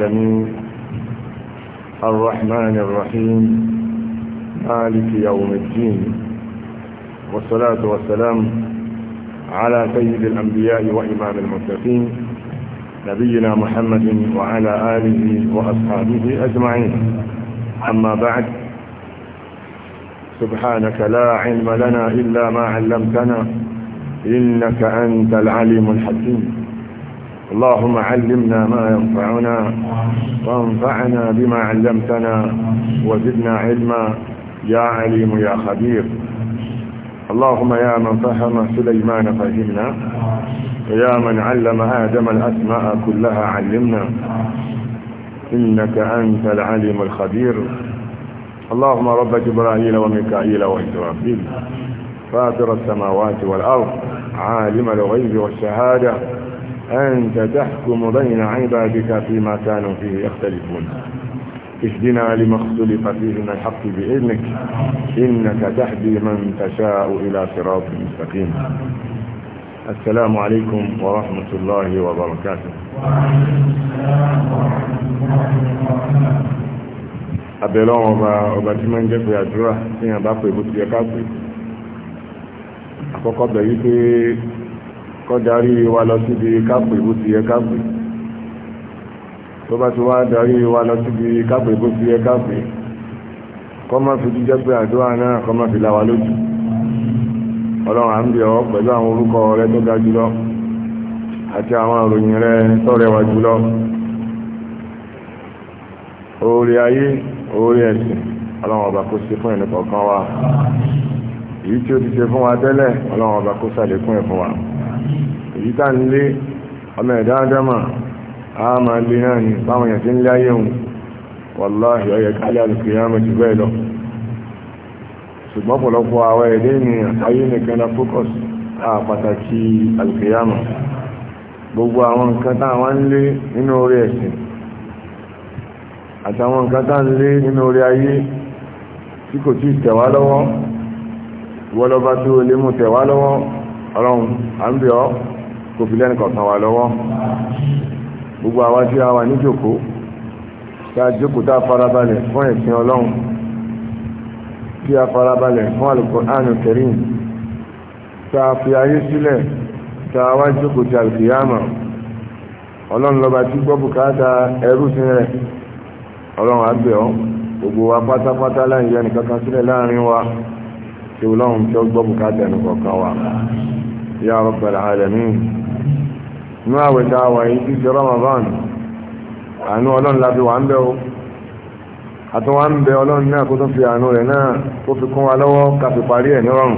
العالمين الرحمن الرحيم مالك يوم الدين والصلاة والسلام على سيد الأنبياء وإمام المتقين نبينا محمد وعلى آله وأصحابه أجمعين أما بعد سبحانك لا علم لنا إلا ما علمتنا إنك أنت العليم الحكيم اللهم علمنا ما ينفعنا وانفعنا بما علمتنا وزدنا علما يا عليم يا خبير اللهم يا من فهم سليمان فهمنا ويا من علم آدم الأسماء كلها علمنا إنك أنت العليم الخبير اللهم رب جبرائيل وميكائيل وإسرافيل فاطر السماوات والأرض عالم الغيب والشهادة أنت تحكم بين عبادك فيما كانوا فيه يختلفون اهدنا لما اختلف فيه من الحق بإذنك إنك تهدي من تشاء إلى صراط مستقيم السلام عليكم ورحمة الله وبركاته abẹ̀lọ́ ọba ọba tí máa ń jẹ́ pé àdúrà tí yàn bá pè bó ti وبركاته n je ká pè àkọ́kọ́ ka kọ́ darí wa lọ síbi kápẹ̀ bó ti yẹ kápẹ̀ tó bá ti wá darí wa lọ síbi kápẹ̀ bó ti yẹ kápẹ̀ kọ́ má fi jíjẹ́ pé àdúrà náà kọ́ má fi láwa lójú ọlọ́run à ń bẹ̀ ọ́ pẹ̀lú àwọn orúkọ rẹ tó ga jùlọ àti àwọn òròyìn rẹ tó rẹwà jùlọ oore ayé oore ẹ̀sìn ọlọ́run ọba kó ṣe fún ẹnì wa èyí tí ó ti ṣe fún wa tẹ́lẹ̀ ọlọ́run ọba kó ṣàlékún ẹ̀ fún wa. èyí tá ń lé ọmọ ẹ̀dá a máa lé náà ní báwọn èèyàn nle ń lé ayé òun ọyẹ kálẹ̀ àlùkè yá mẹ́jù bẹ́ẹ̀ lọ ṣùgbọ́n ọ̀pọ̀lọpọ̀ àwọn ẹ̀dẹ́ ni ayé nìkan na a pàtàkì àlùkè gbogbo awọn nǹkan táwọn kò fi lẹ́nu kọ̀ọ̀kan wà lọ́wọ́ gbogbo àwa tí a wà ní jòkó tá a jókòó tá a farabalẹ̀ fún ẹ̀sìn ọlọ́run tí a farabalẹ̀ fún alùkùránù kẹrin tá a fi ayé sílẹ̀ tá a wá jókòó ti àlùkìyàmà ọlọ́run lọ́ba tí gbọ́ bùkátà ẹrú sí rẹ̀ ọlọ́run àgbẹ̀ ọ́ gbogbo wa pátápátá láì yẹ sílẹ̀ láàrin wa tí ọlọ́run tí ó gbọ́ bùkátà ẹnì kọ̀ọ̀kan wa ya rabbal alamin ní àwẹ̀ tá a wà yìí ti ṣe Ramadan àánú ọlọ́run láti wà ń bẹ́ o àtúnwà ń bẹ ọlọ́run náà kó tó fi àánú rẹ̀ náà kó fi kún wa lọ́wọ́ ká fi parí ẹ̀ nírọ̀rùn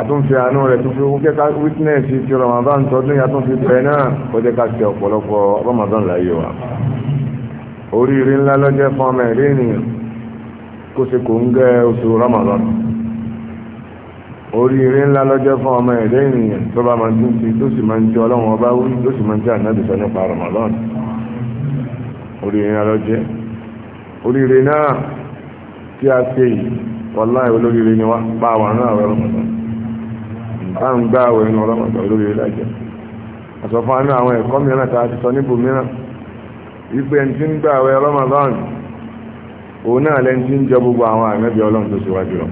àtúnfi àánú rẹ̀ tó fi wúkẹ́ ká witness ti Ramadan tọdún yàtún fi bẹ náà kó jẹ́ ká ṣe ọ̀pọ̀lọpọ̀ Ramadan láyé wa oríire ńlá lọ́jẹ́ fún ọmọ ẹ̀rí ènìyàn kó ṣe kò ń gẹ́ oṣù Ramadan oríire ńlá lọ́jọ́ fún ọmọ ẹ̀dẹ́ ènìyàn tó bá máa dún sí tó sì máa ń jẹ́ ọlọ́run ọba wí tó sì máa ń jẹ́ ànábì sọ nípa Ramadan oríire ńlá lọ́jẹ́ oríire náà tí a ṣe yìí wàláhì olóríire ni wá bá wà náà wẹ́rọ mọ̀tọ́ bá ń gbá àwẹ̀ ẹnu ọlọ́mọ̀tọ́ olóríire lájẹ́ àsọ fún anú àwọn ẹ̀kọ́ mìíràn tá a ti sọ níbò mìíràn wípé ẹni tí ń gbá àwẹ̀ ọlọ́mọ̀tọ́ òun náà lẹ́ni tí ń jẹ gbogbo àwọn àmẹ́bí ọlọ́run tó síwájú lọ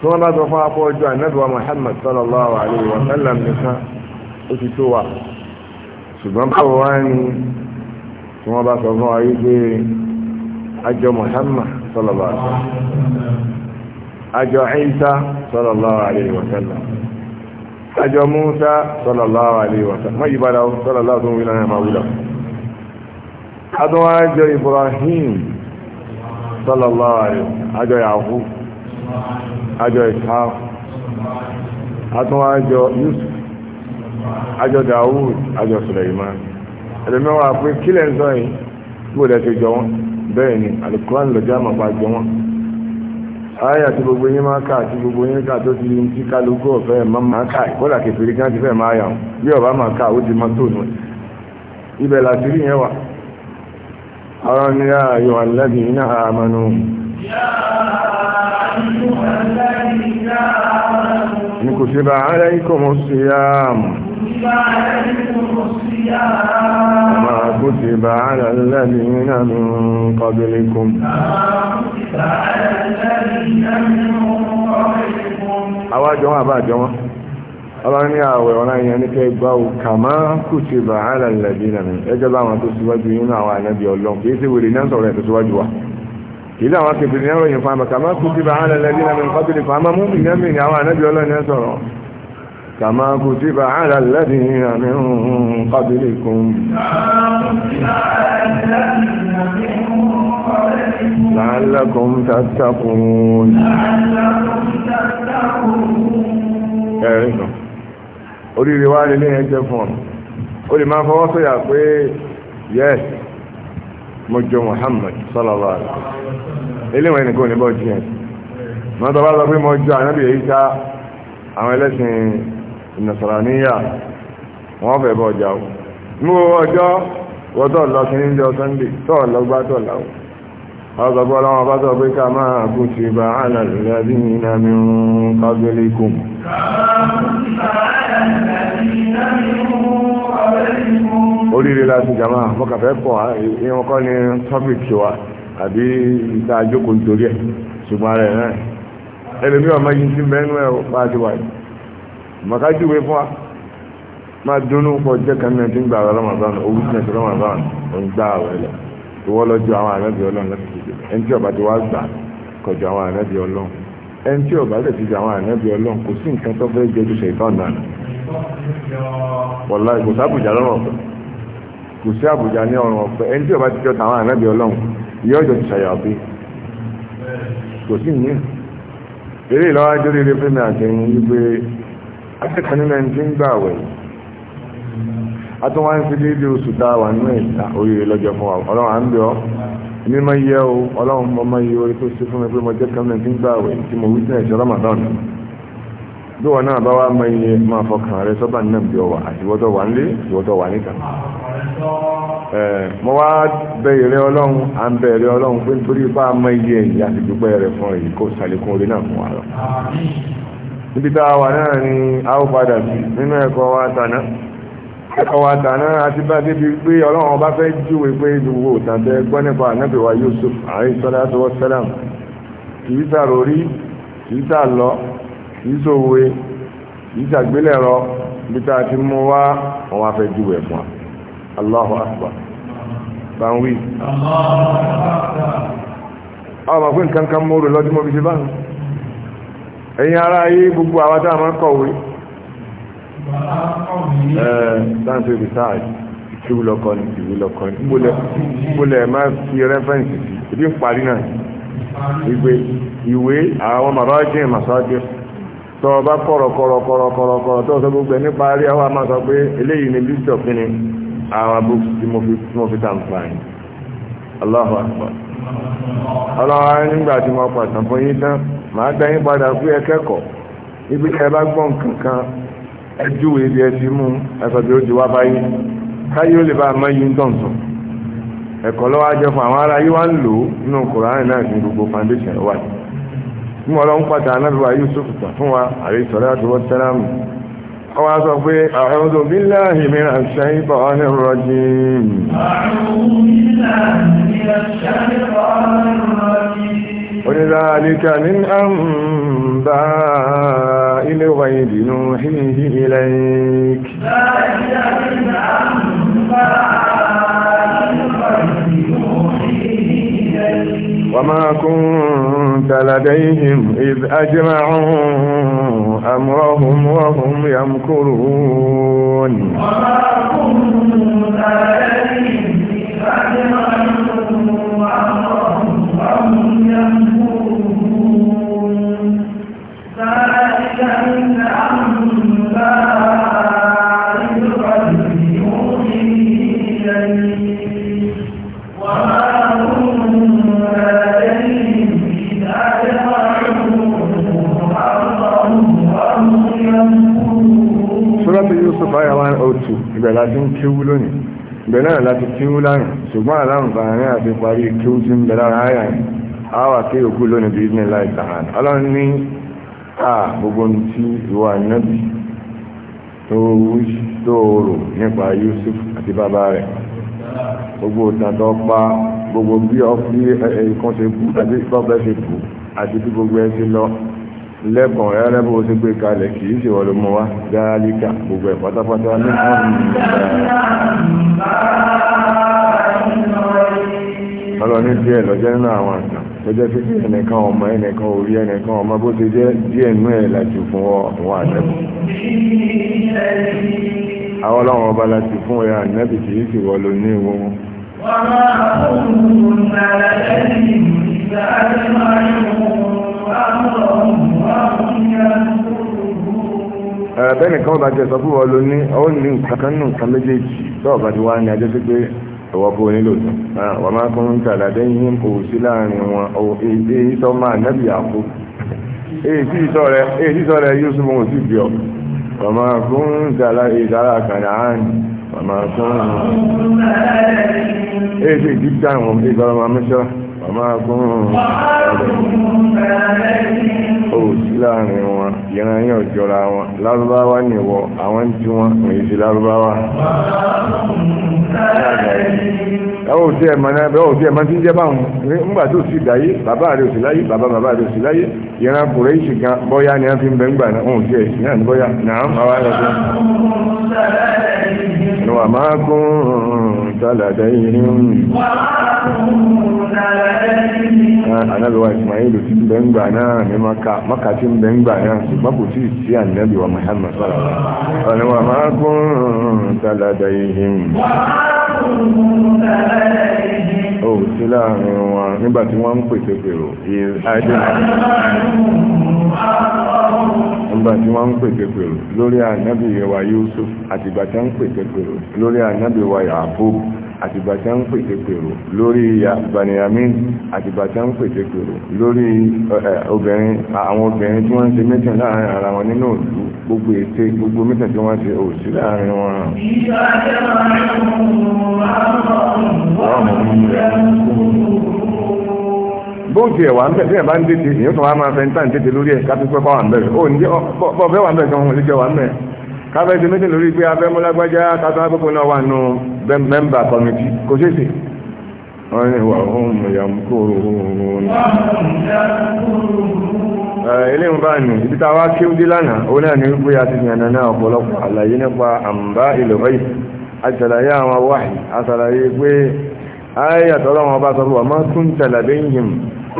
tí wọ́n bá sọ fún apọ̀ ọjọ́ ànábìwá Muhammad sallallahu alayhi wa sallam nìkan ó ti tó wa ṣùgbọ́n báwo wá ní tí wọ́n bá sọ fún ayé pé àjọ Muhammad sallallahu alayhi wa sallam àjọ Isa sallallahu alayhi wa sallam àjọ Musa sallallahu alayhi wa sallam mọ́yì padà sallallahu tó ń wílọ́ wúlọ́ adọ́wọ́ àjọ Ibrahim sallallahu alayhi wa sallam àjọ Yahoo àjọ ishaq àtúnwà àjọ yusuf àjọ dawud àjọ suleiman ẹlẹ́mẹ́wàá pé kílẹ̀ ń sọ yìí gbọ́dọ̀ ti jọ wọn bẹ́ẹ̀ ni alukuran lọ jáàmà jọ wọn ayà gbogbo yín máa kà àti gbogbo yín tó ti kálukú ọ̀fẹ́ máa kẹfìrí ti fẹ́ máa yà wọn bí ọba máa ó ti máa ní kò sí bá aláìkò mọ́ sí àmù ma kò sí bá aláìlẹ́bí nínú kọbílikún àwájọ́ àbájọ́ wọn ní àwẹ̀ ọ̀nà ìyẹn ní kẹ́ gbá o kà kò sí bá aláìlẹ́bí nínú ẹjọ́ bá wọn tó síwájú nínú àwọn ànábì ọlọ́run ìlú àwọn akẹ́kẹ̀ẹ́ ní ẹ̀rọ yìí fún àmàkà máa kú síbà àlẹ́ lẹ́bí náà nǹkan tó lè fún àmà múmi ní ẹ̀mí ní àwọn ànábì ọlọ́run yẹn sọ̀rọ̀ kàmá kú síbà àlẹ́ lẹ́bí náà nǹkan tó lè kún mọ́jọ́ Muhammad sallallahu alaihi wasallam eléwọ̀n ẹnìkan ò ní bọ́ jiyàn mọ́ tọ́ bá sọ pé mọ́jọ́ ànábì Ìsá àwọn ẹlẹ́sìn ìnàsàràníyà wọ́n fẹ́ bọ́ ọjà o ní ọjọ́ wọ́tọ̀ lọ sí ní ìjọ Sunday tọ́ lọ́gbá tọ́ láwọ́ ọgbọ̀gbọ́ ọlọ́wọ́ oríire láti jama mọ́kàfẹ́ pọ̀ ah, ìyẹn kọ́ ni topic wa àbí ìta àjókòó nítorí ẹ̀ ṣùgbọ́n ara ẹ̀ náà ẹlòmí ọmọ yìí ti mẹ́nu ẹ̀ bá ti wà yìí màkájúwe fún wa máa dúnú pọ̀ jẹ́ kàmí ẹ̀ tí ń gbà rẹ̀ Ramadan owó tí ń ṣe Ramadan ò ń gbà rẹ̀ lẹ̀ ìwọ́ lọ́jọ́ àwọn ànábì ọlọ́run láti ṣe ẹni tí ọba ti wá gbà kọjú àwọn ànábì ọlọ́run ẹni tí ọba lè fi jẹ àwọn ànábì ọlọ́run kò sí nǹkan tó fẹ́ jẹ́ ju ṣètọ́ náà wọ́n láì lọ́rọ̀ ọ̀pẹ́ kò sí àbùjá ní ọrùn ọ̀pẹ ẹni tí ọba ti jọ tàwọn ànábì ọlọ́run yóò jọ ti ṣàyàbí kò sí ní eré ìlọ́wọ́ adúlé ilé fẹ́mi àtẹ̀yìn wípé akẹ́kọ̀ọ́ nínú ẹni tí ń gbà wẹ̀ ń fi oṣù tá a wà nínú ìta oríire lọ́jọ́ fún wa ọlọ́run à ń ọ́ máa yẹ o ọlọ́run mo máa yẹ orí tó ṣe fún mi pé mo jẹ́ kan gbà wẹ̀ tí mo wí ọ mo wá bẹ̀rẹ̀ ọlọ́run à ń bẹ̀rẹ̀ ọlọ́run pé nítorí ipá mọ iye ẹ̀yìn àti dúpẹ́ rẹ̀ fún èyí kò sàlékún orí náà fún wa lọ. níbi tá a wà náà ni a ó padà sí nínú ẹ̀kọ́ wa tàná ẹ̀kọ́ wa tàná àti bá débi pé ọlọ́run ọba fẹ́ júwe pé gbogbo òtàn tẹ nípa ànábì wa Yusuf alayhi salatu wa salam kì í sàròrí kì í sàlọ kì í sòwe kì í sàgbélẹ̀rọ níbi tá a ti mú wá wọn wá fẹ́ júwe fún wa. Allahu Akbar ara gbogbo ni list of àwọn bu si mo fi tàǹfààní Allahu Akbar ọlọ́run nígbà tí mo pàtàn fún yín tán màá dá yín ibi kankan ibi ẹ ti mú ẹsọ̀ tí ó ti wá báyìí káyé ó lè bá a mọ yín tọ̀ntọ̀n ẹ̀kọ́ lọ́wọ́ foundation wà Yusuf wa àrí ọwá sọ pé a'udhu billahi minash shaytanir rajim ولذلك من أنباء الغيب نوحيه إليك ذلك من أنباء الغيب وما كنت لديهم إذ أجمعوا أمرهم وهم يمكرون وما كنت لديهم إذ أجمعوا ibẹ̀ láti ń kíwú lónìí ibẹ̀ náà láti kíwú lánàá ṣùgbọ́n aláǹfààní àti parí kíwú tí ń bẹ lára ayà yìí àwà kí òkú lónìí bí ní láì tàhán ọlọ́run ní à gbogbo ní tí ìwà nábì tó nípa Yusuf àti bàbá rẹ̀ gbogbo ìtàtọ̀ pa gbogbo bí ọkùnrin ẹ̀ẹ̀kan ṣe bú àti bọ́bẹ̀ ṣe bú àti bí gbogbo ẹ ṣe lọ lẹ́kọ̀ọ́ rẹ̀ rẹ̀ bó ti gbé kalẹ̀ kìí ṣe wọ́n ló mọ́ wá dáálíkà gbogbo ẹ̀ pátápátá ní ọ̀rọ̀ ní díẹ̀ lọ́jẹ́ nínú àwọn àṣà tó jẹ́ pé ẹnìkan ọmọ ẹnìkan orí ẹnìkan ọmọ bó ti jẹ́ díẹ̀ nú ẹ̀ láti fún ẹ̀ẹ́dẹ́nì kan bá jẹ sọ fún ọlọ ní ọ ní nǹkan nù nǹkan méjèèjì tọ́ọ̀bá ti wá ní ajé sí pé ọwọ́ kó nílò tó wọ́n máa kún ń dẹ́yìn kò sí láàrin wọn máa nẹ́bì rẹ yóò ọ máa kún ń máa kún ń mágún ó sí láàrin wọn ìran yóò jọra wọn lárúbáwá nìwọ àwọn tí wọn rìn sí lárúbáwá ẹwọ́ tí ẹ̀mọ̀ náà bẹ́ẹ̀ òtí ẹ̀mọ̀ tí ń jẹ́ báwọn nígbà tó sì dáyé bàbá rẹ̀ òsì láyé bàbá bàbá rẹ̀ òsì láyé ìran kùrẹ́ ìṣì gan bọ́yá ni a fi ń bẹ ńgbà náà òun tí ẹ̀ sì náà ní bọ́yá náà máa wá lọ sí. كنت لديهم Ànábì wa Ismailu ti bẹ̀ ń gbà náà ní Maka, Maka ti bẹ̀ ń gbà náà, ṣùgbọ́n kò sí sí ànábì wa Muhammad sallallahu alaihi wasallam. máa kún tàlàdà ihim. Ó sí láàrin wọn nígbà wọ́n ń pèsè pèrò, ìhàjẹ́ nígbà tí wọ́n ń pète pèrò lórí ànábì wa Yusuf àtìgbà tí wọ́n ń pète pèrò lórí ànábì wa Yakub àtìgbà tí wọ́n ń pète pèrò lórí Baniyamin àtìgbà tí wọ́n ń pète pèrò lórí obìnrin àwọn obìnrin tí wọ́n ń ṣe mẹ́tẹ̀ láàrin ara wọn nínú òlú gbogbo ète gbogbo mẹ́tẹ̀ tí wọ́n ṣe òsì láàrin wọn. ìyá bóòtù ẹ̀wà ń bẹ̀ tí ẹ̀ bá ń tètè èyí tó wá máa fẹ́ ń tàn tètè lórí ẹ̀ káfí pẹ́ pàwọn bẹ̀rẹ̀ ó ní bọ́ọ̀bẹ́ wà ń bẹ̀ gan òun lójọ́ wà ń bẹ̀ káfẹ́ ti méjì lórí pé afẹ́ mú lágbájá kátó agbókò náà wà nù mẹ́mbà kọ́mìtì kò ṣeé ṣe. wọ́n ní wà ohun yamkuru ohun. eléyìí bá nù ibi tá a wá kí ó dé lánàá ó náà ní wípé a ti yànnà náà ọ̀pọ̀lọpọ̀ àlàyé nípa àǹbá ìlọ̀rẹ́ àṣàlàyé àwọn wáyé àṣàlàyé pé ayé wa má tún tẹ̀lé bẹ́yìn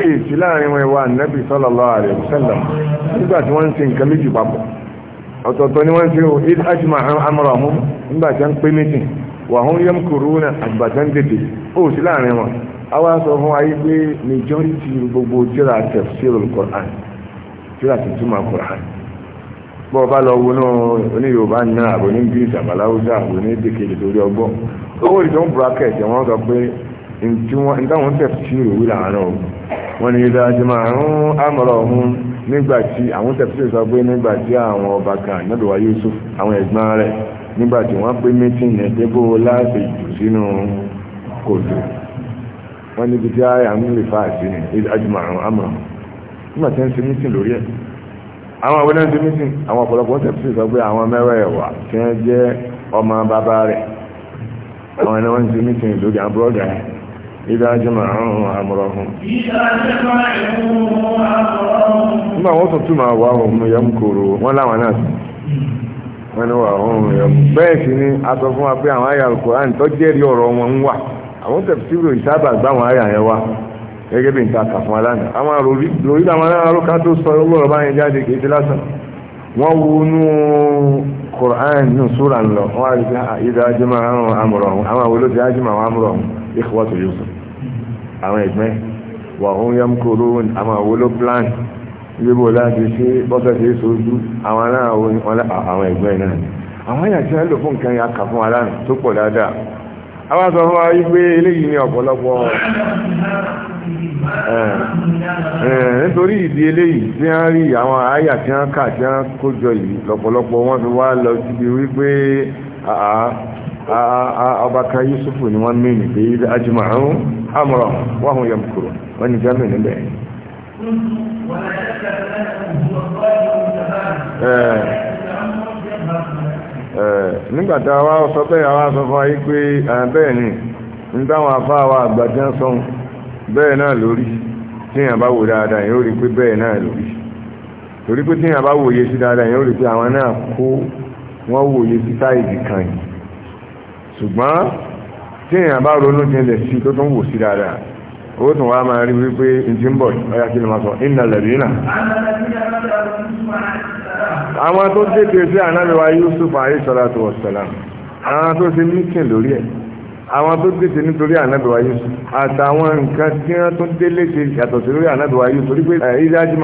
èsì láàrin wọn ìwà nẹ́bì sallallahu alaihi wasallam nígbà tí wọ́n ń ṣe nǹkan méjì papọ̀ ọ̀tọ̀ọ̀tọ̀ ni wọ́n ń amara ọ̀hún nígbà wọ́n ń méjì wà hún yẹ́m kòrónà àgbàtà a ìtàwọn tẹ̀fṣìrì wí làárọ̀ wọn ni ìdá àjẹmọ̀ àrùn àmọ̀rọ̀ ọ̀hún nígbà tí àwọn tẹ̀fṣìrì sọ pé nígbà tí àwọn ọba kan ànádùwà Yusuf àwọn ẹ̀gbọ́n rẹ̀ nígbà tí wọ́n pé mítìn yẹn débò láti jù sínú kòtò wọ́n níbi tí àyà ń lè fa àti ní ìdá àjẹmọ̀ àrùn àmọ̀rọ̀ nígbà tí lórí ẹ̀ àwọn àwọn ẹ̀dẹ́ mítìn àwọn ọ̀pọ̀lọpọ̀ tẹ̀fṣìrì sọ pé àwọn mẹ́wẹ̀ẹ̀wà إذا جمعوا أمرهم ما وصلت ما وهم يمكروا ولا وناس wọ́n wà ọ̀run rẹ̀ bẹ́ẹ̀ sì ni a sọ fún wa pé àwọn àyà alukoran tó jẹ́rìí ọ̀rọ̀ wọn ń wà àwọn tẹ̀síwò ìsábà gbá àwọn àyà yẹn wa gẹ́gẹ́ bí nǹkan kà fún wa lánàá àwọn àròrí lórí àwọn aráàlú ká tó sọ ọlọ́rọ̀ báyẹn jáde kì ti lásán wọ́n wo inú koran nù súra ńlọ wọ́n á rí i pé ìdájọ́ máa ń amúrọ̀ àwọn àwòlóṣe ájú máa ń amúrọ̀ ìkọ̀wọ́tò Yusuf àwọn ẹ̀gbẹ́ wà ó yẹm kóró àwọn àwòlò plan yíbo láti ṣe bọ́kẹ̀tì sojú àwọn aláwọ̀ àwọn ẹ̀gbẹ́ náà àwọn àyàtí wọn lò fún nǹkan yà kà fún aláàrùn tó pọ̀ dáadáa àwọn àtọ̀ fún wa yí pé eléyìí ní ọ̀pọ̀lọpọ̀ nítorí ìdí eléyìí tí a rí àwọn àyà tí a ń kà tí a ń kójọ yìí lọ́pọ̀lọpọ̀ wọ́n fi wá lọ síbi wípé àà ọba yusufu Yusuf ni wọ́n mini ní èyí ajma'u amra wa hum yamkurun wọ́n ní germany níbẹ̀ nígbàtà wa sọ bẹ́ẹ̀ àwọn sọ fún bẹ́ẹ̀ ni ń dáwọn afá àgbàjẹ́ sọ bẹ́ẹ̀ náà lórí tí bá wò dáadáa yóò rí pé bẹ́ẹ̀ náà lórí torí pé tí bá wòye sí dáadáa yóò rí pé àwọn náà kó wọ́n wòye sí kan yìí ṣùgbọ́n tí èèyàn bá ronú jinlẹ̀ sí tó tún wò sí dáadáa ó tún wá máa rí wípé ìdí bọ̀ ọyá kí ló máa sọ iná lẹ̀rínà àwọn tó tètè sí ànábíwá Yusuf alayhi salatu wassalam àwọn tó ti mítìn lórí ẹ̀ àwọn tó tètè nítorí ànábíwá Yusuf àtàwọn nǹkan tí wọ́n tún délé ti yàtọ̀ sí lórí ànábíwá Yusuf torí pé ìdájú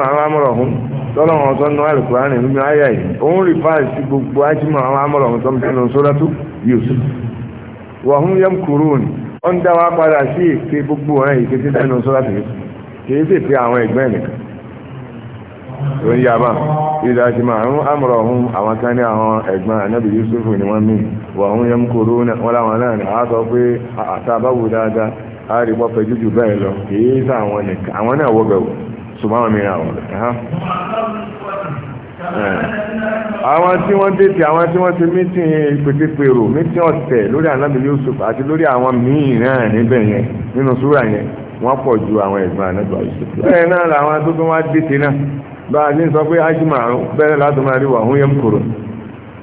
wàhún yẹm kúrún ó ń dá wa padà sí èké gbogbo ọ̀rẹ́ yìí kété dánú sọ́lá tèmi kìí sì pé àwọn ẹgbẹ́ nìkan ló ń yá bá ìdájí máa ń àmúrọ̀ ọ̀hún àwọn kan ní àwọn ẹ̀gbọ́n ànábì Yusuf ni wọ́n mí wàhún yẹm kúrún wọn láwọn náà ni àá sọ pé àtàbáwò dáadáa á rí pọ́ fẹ́ jújù bẹ́ẹ̀ lọ kìí sàwọn nìkan àwọn náà wọ́gẹ̀wò ṣùgbọ́n àwọn mìíràn àwọn Eh. àwọn tí wọ́n tètè àwọn tí wọ́n ti mítìn ìpètèpèrò mítìn ọ̀tẹ̀ lórí ànábì Yusuf àti lórí àwọn míì náà níbẹ̀ yẹn nínú súrà yẹn wọ́n pọ̀ ju àwọn ẹ̀gbọ́n ànábì Yusuf bẹ́ẹ̀ náà làwọn tó tó wá dìtì náà bá a ní sọ pé ájúmọ̀ bẹ́ẹ̀ láti máa rí wàhún yẹn kúrò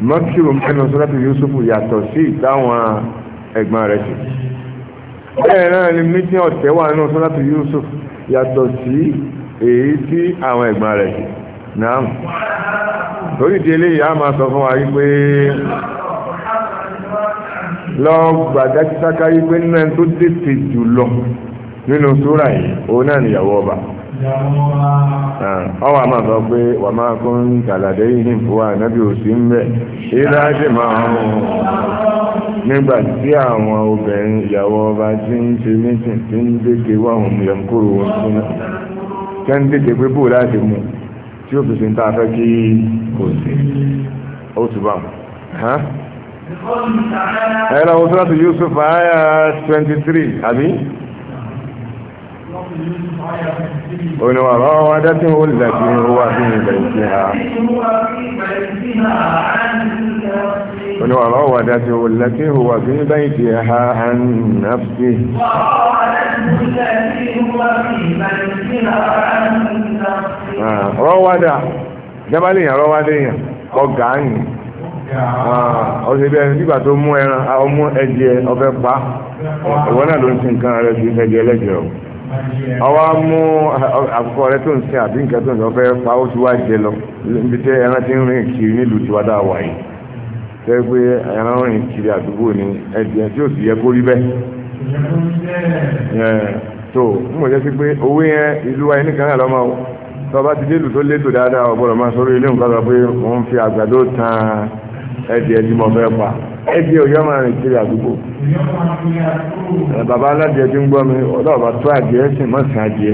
mọ́kìrò mẹ́nu súrátì Yusuf yàtọ̀ sí ìtàwọn ẹ̀gbọ́n rẹ̀ sí bẹ́ẹ̀ náà ni mítìn ọ̀tẹ̀ wà nínú Yusuf yàtọ̀ sí èyí tí àwọn ẹ̀gbọ́n rẹ̀ náà torí délé a máa sọ fún wa wípé lọ gbàdá títáká wípé nínú ẹni tó tètè jù lọ nínú súrà yìí òun náà nìyàwó ọba ọwọ́ ma sọ pé wà máa kún tàlàdé yìí fún ànábì òsì ń bẹ̀ ilá sì máa ń nígbà tí àwọn obìnrin ìyàwó ọba tí ń ṣe tí ń yẹn kúrò wọn ń pé bò láti tí ó fi sí ń tá a fẹ́ kí kò sí ó ti bá ki ko si o ti ba ẹ lọ́wọ́ sọ́tù Yusuf àyà 23 àbí wa lọ́wọ́ wa dẹ́tí ó lẹ́tí wà sí ilẹ̀ ìsìn ha wa lọ́wọ́ wa dẹ́tí ó lẹ́tí wà sí ilẹ̀ ìsìn ha an nafsi wọ́n rẹ̀ Ah, rọ́wádà jábálẹ̀ yàn rọ́wádà yàn ọgà ní ọ̀sẹ̀ bí ẹni nígbà tó mú ẹran ọmú ẹ̀jẹ̀ ọ̀fẹ́ pa ọwọ náà ló ń sin nǹkan rẹ sí ẹ̀jẹ̀ ẹlẹ́jẹ̀ o ọwọ́ mú àkókò rẹ tó ń sin àbí nǹkan tó ń pa ó ti wá jẹ lọ níbi tí ẹran ti ń rìn kiri nílùú tí wàá pé ẹran rìn kiri àdúgbò ni tí sì yẹ kó rí tó mọ̀ jẹ́ sí pé owó yẹn ìlú wa yẹn nìkan náà tọba ti délù tó létò dáadáa ọ̀gbọ́dọ̀ máa sọ̀rọ̀ ilé nǹkan lọ pé wọ́n fi àgbàdo tan ẹ̀dì ẹ̀dì mọ̀ fẹ́ pa ẹ̀dì ọ̀yọ́ máa rìn kiri àdúgbò bàbá aládìẹ ti ń gbọ́ mi ọlọ́ọ̀bà tó àdìẹ sì mọ̀ sí àdìẹ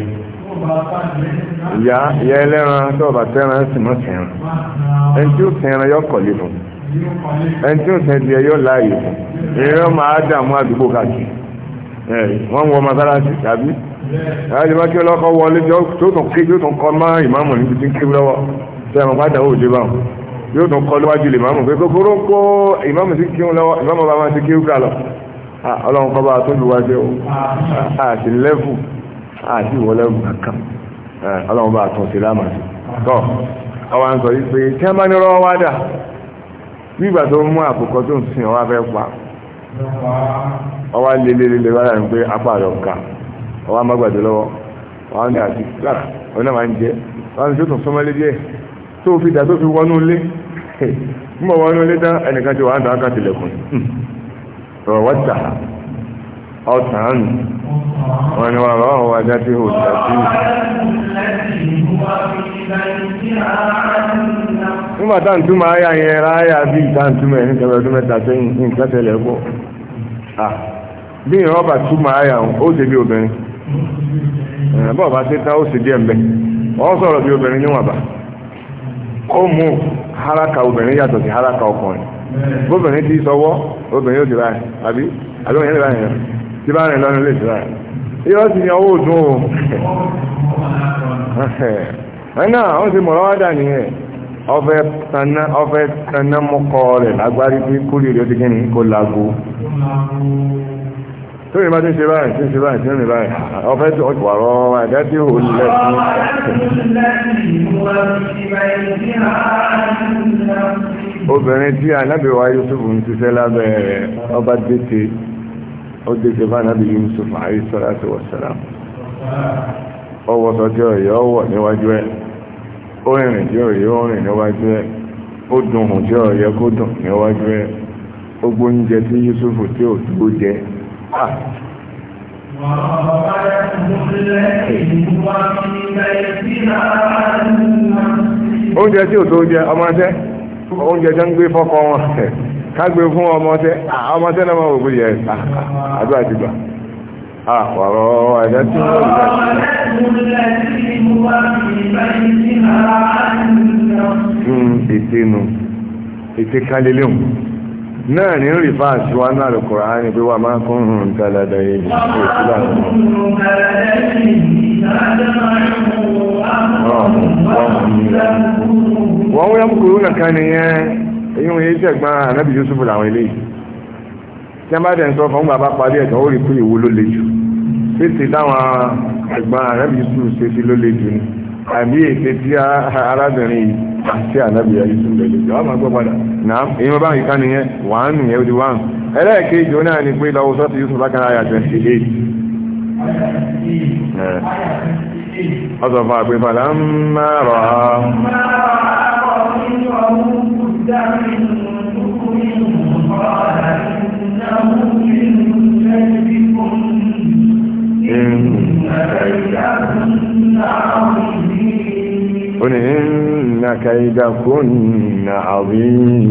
ìyá ìyá ẹlẹ́ran tọ́ọ̀bà tẹ́ran sì mọ̀ sí ẹran ẹni tí ó sì ẹran yọ kọ̀lé fún ẹni tí ó sì ẹdìẹ yọ láàyè fún ìran máa dààmú àdúgbò káàkiri wọ́n wọ mọ́sálásí tàbí ẹ̀ẹ́dì bá kí ọlọ́kọ̀ wọlé tó tún kí tó tún kọ má ìmáàmù níbi tí ń kí lọ́wọ́ tí ẹ̀mọ̀ pátá ò dé báwọn yóò tún kọ lọ́wájú lè máàmù pé kókóró ń kó ìmáàmù sí kí lọ́wọ́ ìmáàmù bá máa ti kí ká lọ ọlọ́run kọ́ bá tó lù wá jẹ́ o àti lẹ́fù àti ìwọlẹ́fù kankan ọlọ́run bá tún sí láàmà sí tọ́ ọwọ́ ń sọ yìí pé tí wọ́n bá ní rọ́wọ́ wádà bí ìgbà tó mú àkókò tó ń sìn ọwọ́ afẹ́ pa ọwọ́ lélẹ́lẹ́lẹ́ wádà ń pé apá àlọ́ ka ọwọ́ amágbàdo lọ́wọ́ wọ́n ní àti máa ń jẹ́ wọ́n díẹ̀ tó fi dà tó fi wọnú wọnú ẹnìkan ká tilẹ̀kùn wọ́n tà ọ̀tàn wọ́n wọ́n wọ́n sí nígbà túmọ̀ túmọ̀ ẹ̀ nígbà mẹ́ta sẹ́yìn bí ìrọ́bà túmọ̀ ó ṣe bí obìnrin bọ́ọ̀ ọba ti ta ó sì díẹ̀ mbẹ́ ọ sọ̀rọ̀ bí obìnrin níwọ̀n bá ó mú haraka obìnrin yàtọ̀ sí haraka ọkùnrin bóbìnrin ti sọwọ́ obìnrin yóò ti ra àbí àbí òyìnbó ra bá rìn lọ́nà yóò sì ní ọwọ́ òdùn o ẹ̀nà ó sì mọ̀rọ̀ wádà nìyẹn ọfẹ́ tanná ọfẹ́ tanná mọ́kọ rẹ̀ lágbárí tó yìnbá tí ń ṣe báyìí tí ń ṣe báyìí tí ń rìn báyìí ọ̀fẹ́ tí ọ̀pọ̀ àrọ̀ àdá tí ò lẹ̀ fún obìnrin tí anábìwá Yusuf ń ṣiṣẹ́ lábẹ́ rẹ̀ ọba dẹ́tẹ̀ ó dẹ́tẹ̀ bá anábì Yusuf àrí sọ́lá tó wọ̀ ọwọ́ sọ́jọ́ ìyọ́ wọ̀ níwájú ẹ̀ ó rìnrìn tí ó yẹ níwájú ẹ̀ ó dùn hùn tí ó kó dùn níwájú ẹ̀ ó gbóúnjẹ tí Yusuf tí ò tó jẹ Ah. oúnjẹ tí ò tó jẹ ọmọdé oúnjẹ ń gbé wọn fún ọmọdé ọmọdé náà máa yẹ àdúrà ẹ̀dẹ́ tí ó rí náà ní rí fáàsì wá náà lè kọ̀rọ̀ á ní pé wà máa kún hùn tàlàdà èdè wọ́n wọ́n ànábì Yusuf làwọn ilé tí a dẹ̀ ń sọ fún bàbá parí ẹ̀tọ́ ó rí pé ló le jù táwọn ànábì ni àbí èsè tí arábìnrin àti ànábìyà yìí tún lè jọ ọmọ na padà náà èyí bá yìí nìyẹn wàá nù yẹn ó di wàá nù ẹlẹ́ẹ̀kejì ó náà pé lọ́wọ́ sọ́ọ̀tì Yusuf bákan ayà twenty eight ọ̀sọ̀ fún àpè fàlà ń máa rọ̀ ó ní inna kaydakunna azim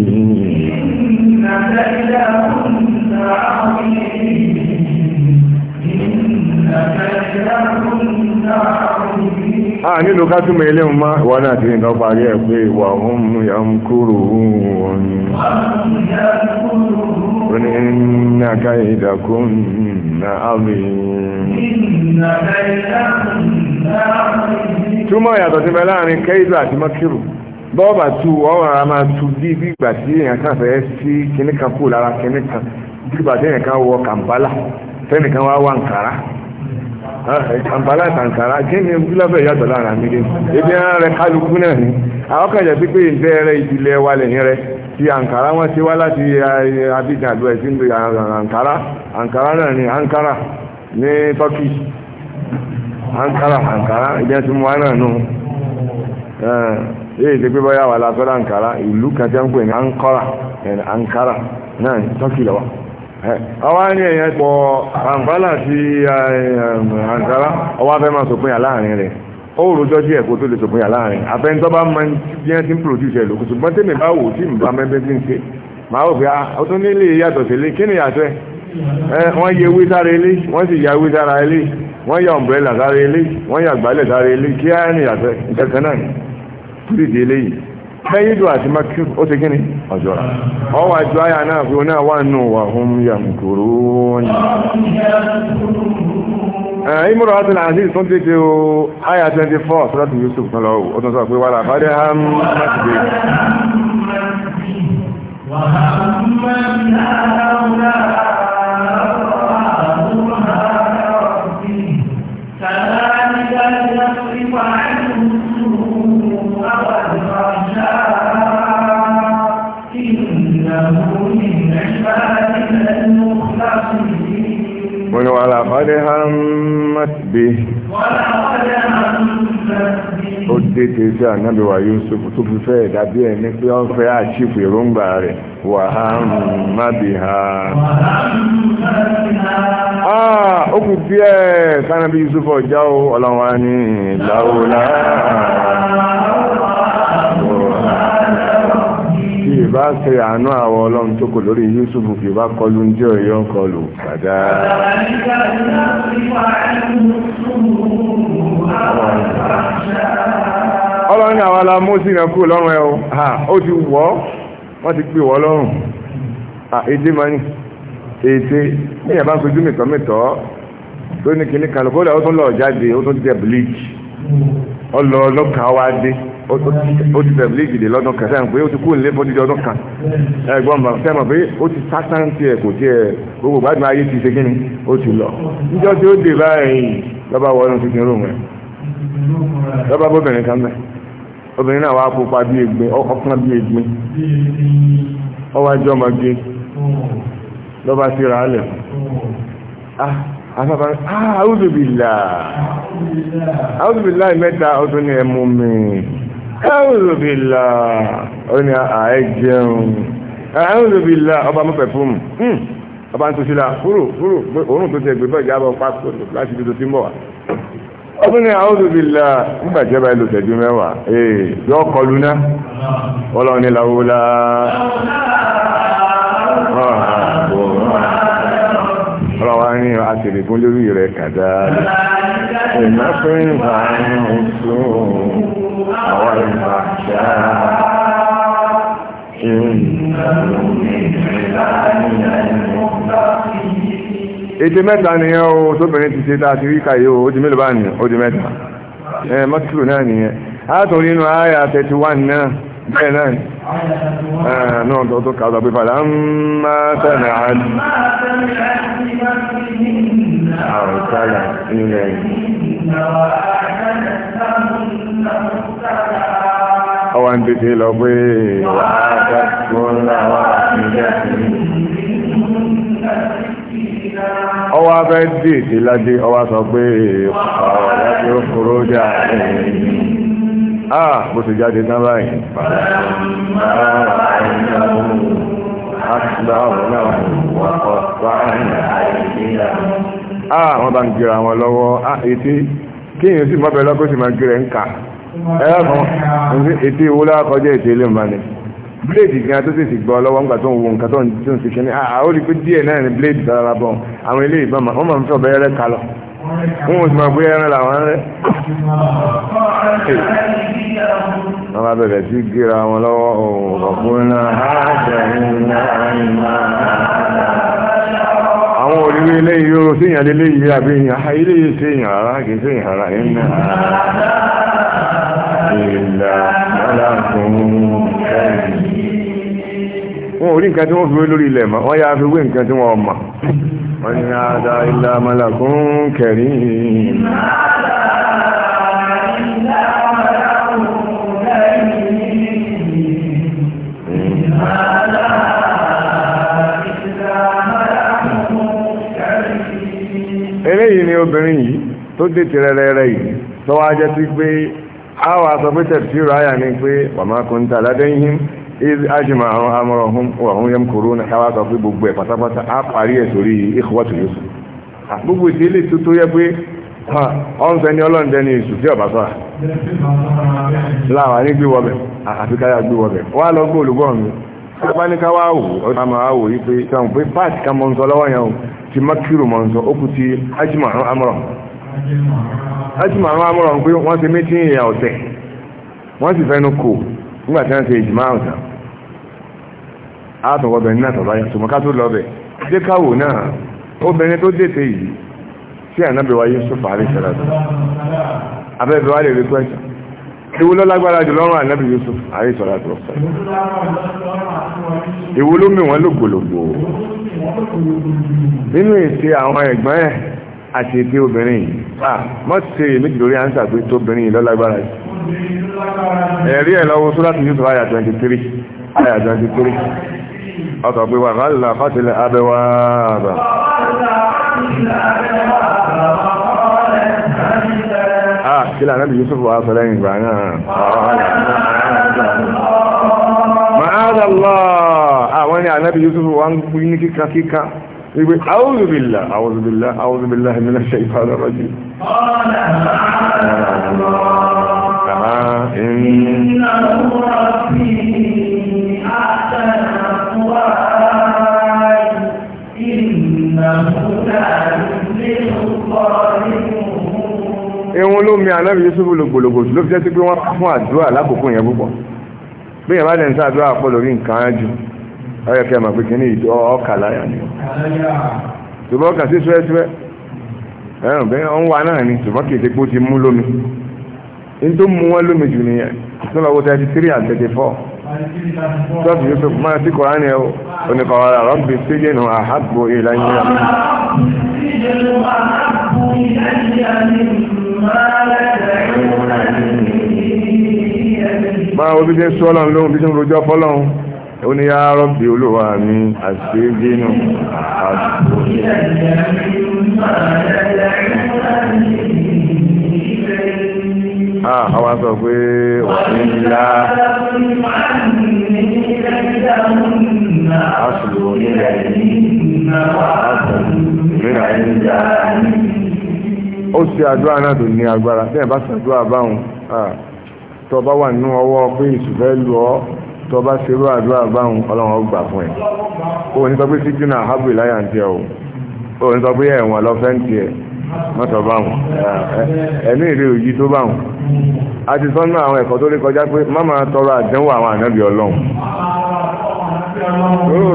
a nílò ká túnmọ̀ ilé ọmọ wọ́n na ti nǹkan parí ẹ̀ pé ìwà ohun ya ń kúrò wọn ni iná ká ìdàkún na àmì iná na ìdàkún na ihe. ìtumọ̀ yàtọ̀ ti bẹ láàrin kẹ́ìdù àti mọ́kìrù bọ́ọ̀bà tu ọ̀rọ̀ ara máa tu bí bí ìgbà tí èèyàn kan fẹ́ sí kinní kan kú lára kinní kan bí ìgbà tí èèyàn kan wọ kàmbálà fẹ́nì kan wá wà nkàrà kàmbálà kànkàrà kí ni gúlọ́fẹ̀ yàtọ̀ láàrin àmìlẹ̀ ebi ara rẹ kálukú náà ni àwọn kan jẹ́ pípé ìdẹ́ rẹ ìdílé wa rẹ ti wọn ti wá láti eh, Abidjan àdúrà ìsìnkú ankara ankara náà ni ankara ní Turkey hankara hankara ìjẹ́ tí mo wá náà nù èyí ti pé bọ́yá wà látọ́ hankara ìlú kan tí wọ́n pè ní ankara ẹ̀nà ankara náà tọ́kì lọ́wọ́ ọwá ní ẹ̀yẹ pọ̀ hankara àti hankara ọwá fẹ́ máa sòpin àláàrin rẹ̀ ó rojọ́ díẹ̀ kó tó lè sòpin àláàrin àfẹ́ntọ́ bá máa ń bí wọ́n ti ń produce ẹ̀ lókùsùn gbọ́n tẹ́mi bá wò tí mo bá mẹ́bẹ́ tí ń ṣe máa wò pé ah, wọ́n yẹ ewé sára ilé wọ́n sì ya ewé sára ilé wọ́n ya ọ̀mbrẹ́là sára ilé wọ́n ya àgbálẹ̀ sára ilé kí á ní àfẹ́ ìkẹ́kẹ́ náà púrìdì eléyìí kẹ́yìndò àti makiru ó ti kíni ọjọ́ ra ọwọ́ àjọ àyà náà fi oní àwọn àánú wà hún yà mùkúrú ní. ìmúra ọdún àti o àyà twenty four sọ́dọ̀tún Yusuf kan lọ ó tún sọ pé wàrà àbádé ha ń má ولقد همت به ولقد همت به ó dé tẹ̀sí ànábì wa Yusuf tó fi fẹ́ dàbí ẹni pé ó fẹ́ àṣìfò èròǹgbà rẹ̀ wà á má bì ha. ó kù díẹ̀ kánábì Yusuf ọjà ọlọ́wà ní ìlàwó láàárọ̀. ìbá ṣe àánú àwọ ọlọ́run tó kò lórí Yusuf kì bá kọlu ń jẹ́ ọ̀yọ́ kọlu padà ọlọ́run àwọn alamú sí ìrìn kú lọ́rùn ẹ̀ ó ti wọ́ wọ́n ti pè wọ́ lọ́rùn èdè mani èdè ní ìyàbá fojú mìtọ́ mìtọ́ tó ní kìnnìkan lọ́kọ́ ó tún lọ jáde ó tún jẹ bleach ọlọ́ọ̀lọ́kà wá dé ó ti tẹ̀lé ìdè lọ́dún kan sẹ́yìn pé ó ti kú nílé fọ́dídé ọdún kan ẹ̀gbọ́n mọ̀ sẹ́yìn pé ó ti sátán tiẹ̀ kò tiẹ̀ gbogbo gbádùn ayé ti ṣe kí ni ó ti lọ níjọ́ tí ó dé báyìí lọ́ba wọnú tuntun rò mọ́ ẹ̀ lọ́ba bóbìnrin kan mẹ́ obìnrin náà wàá pupa bí egbin ọkàn bí egbin ọwọ́ ajọ́ ọmọ gbé lọ́ba sí ra alẹ̀ ah afẹ́fẹ́ ah àwùjọ bìlà àwùjọ bìlà mẹ́ta ọdún ni ẹ mú mi. A'udhu billahi ó ní ààyè jẹun A'udhu billahi ọba mọ́fẹ̀ fún un ọba ń tó sílá fúrò fúrò òórùn tó ti ẹgbẹ́ bọ́ ìjábọ̀ pásítọ̀ láti ibi tó ti ń bọ̀ wá ọdún ní a'udhu billahi nígbàjẹ́bà ìlú tẹ̀jú mẹ́wàá ee eh, yọ kọlu ná ọlọ́run ní làwọlá ọlọ́wà ní àtìrìkún lórí rẹ̀ kàdá ìnáfẹ́ ìwà ìrùn tó والفحشاء إنه من عبادنا المخلصين ètè mẹ́ta nìyẹn o sóbìnrin ti ṣe láti rí kàyé o ó di mélòó bá nìyẹn ó di mẹ́ta ẹ mọ́tìlù náà nìyẹn á tún nínú àyà 31 náà bẹ́ẹ̀ náà ni náà tó tó kàtà pé fàdà ń máa tẹ̀lẹ̀ àádì àrùtálà nílẹ̀ ọwà ń tètè lọ pé wà á dákùn láwà nílẹ̀ ọwà fẹ́ dèdè ládé ọwà sọ pé ọ̀rọ̀ lábẹ́ òkúrò jà ẹ̀yìn ah bó ti jáde tán báyìí ah wọ́n bá ń gira wọn lọ́wọ́ ah ètí kí èyàn sì mọ́bẹ̀ lọ́kọ́ sì máa gira ń kà ẹ̀rọ̀kan ètí owó lákọjẹ́ ètí ilé mọ́ ni bíléèdì gan tó sì gbọ́ lọ́wọ́ ńgbà tó ń wo nǹkan tó ń fi kí ní ah ó rí pé díẹ̀ náà ni bíléèdì dára bọ́ àwọn ilé ìbọn wọn máa wọn ò sì máa bóyá ẹran làwọn rẹ wọn bá bẹ̀rẹ̀ sí gíra wọn lọ́wọ́ ọ̀pọ̀pọ̀nà àwọn òrìrí eléyìí yóò síyàn léléyìí àbí ìyàn iléyìí síyàn rárá kìí síyàn rárá ẹ̀yìn náà ìlà ọlá tó ń kẹ́yìn wọn ò rí nǹkan tí wọ́n fi wé lórí ilẹ̀ mọ́ wọ́n yá fi wé nǹkan tí wọ́n mọ̀ wọ́n ni àdá ilá malakun kẹrin eléyìí ni obìnrin yìí tó dé tìrẹrẹrẹ yìí tọ́wọ́ ajẹ́ sí pé àwọn pé ládẹ́yìn إذ أجمعوا أمرهم وهم يمكرون حواس في بوبوي pátápátá á parí ẹ̀ sórí Ikhwatu Yusuf gbogbo ìdílé tuntun yẹ pé ọ̀nfẹ́ ni ọlọ́ndẹ́ ni Yusuf tí ọ̀bá sọ́ra láwọn ní gbé wọbẹ̀ àti káyà gbé wọbẹ̀ wá lọ gbé olùgbọ́ mi bá ní ká wò ó ká máa wò yí pé sọ̀rọ̀ pé páàtì ká mọ̀ nsọ lọ́wọ́ yẹn o ti mákìrù mọ̀ nsọ ó kù ti ajímọ̀rún amọ̀rọ̀ ajímọ̀rún amọ̀rọ̀ pé wọ́n ti mí tí ìyà ọ̀tẹ̀ wọ́n sì fẹ́nu kò nígbà tí wọ́n ṣe ìjìmá ọ̀tàn àtọ̀wọ́bẹ̀ ní àtọ̀báyà ṣùgbọ́n tó lọ́bẹ̀ dékàwò náà obìnrin tó dètè yìí sí ànábẹ̀wá Yusuf àríṣẹ́lẹ́sọ abẹ́bẹ̀wá lè rí pẹ́sàn ìwò ló lágbára jù lọ́rùn ànábì Yusuf àríṣẹ́lẹ́sọ ìwò ló mì wọ́n lògbòlògbò nínú èsì àwọn ẹ̀gbọ́n ẹ̀ àti ètè obìnrin yìí mọ́ ti ṣe èméjì lórí àǹsà pé tó obìnrin yìí lọ́lágbára yìí ẹ̀rí ẹ̀ lọ́wọ́ sólátì yóò tó àyà 23 àyà 23 ọ̀tọ̀ pé wà fàálà fàtílẹ̀ abẹ́wà àbà kí lànà bí Yusuf wà sọ́lẹ̀ ìgbà náà ma'adallah àwọn ni ànábì Yusuf wà ń gbí ní kíkà kíkà يقول أعوذ بالله أعوذ بالله أعوذ بالله من الشيطان الرجيم قال الله إنه ربي أحسن أقواي ló mi ànábì Yusuf lògbòlògbò ló fi jẹ́ pé wọ́n fún àdúrà lákòókò yẹn púpọ̀ bí yẹn bá dẹ̀ ń sáàdúrà pọ̀ lórí nǹkan ájú ọyọ̀kẹ́ mọ̀ pé kí ní ìjọ ọkà láyà ni ṣùgbọ́n kà sí fẹ́ẹ́fẹ́ ẹ̀rùn bẹ́ẹ̀ ń wa náà ni ṣùgbọ́n kì í ṣe pé ó ti mú lómi ní tó mú wọn lómi jù nìyẹn sọlọ́wọ́ thirty three and thirty yóò fẹ́ máa sí kọ́ránì ẹ̀ oníkọ̀ọ́rọ̀ rọ́bì síjìnù àhábò ìlànà máa wo bí ṣe ń sọ́lọ́n lóhun bí ṣe ń rojọ́ fọ́lọ́hun ó ní yá rọ́bì olúwa mi àti gínú ah, a àwa sọ pé wà nílá aṣùlò nílẹ̀ nílẹ̀ nílẹ̀ ó ṣe àdúrà náà tó ní agbára bẹ́ẹ̀ bá ṣàdúrà báhùn ah, tó bá wà nínú ọwọ́ pé ìṣùfẹ́ lù ọ́ tó bá ṣe rú àdúrà báhùn ọlọ́run ọgbà fún ẹ̀ o ní sọ pé sí jùnà àhábù ìláyà ń tiẹ̀ o o ní sọ pé ẹ̀wọ̀n lọ́fẹ́ ń tiẹ̀ mọ́tọ̀ báhùn ẹ̀mí ìrè òjì tó báhùn a ti sọ́nà àwọn ẹ̀kọ́ tó lè kọjá pé má máa tọrọ àdánwò àwọn ànábì ọlọ́run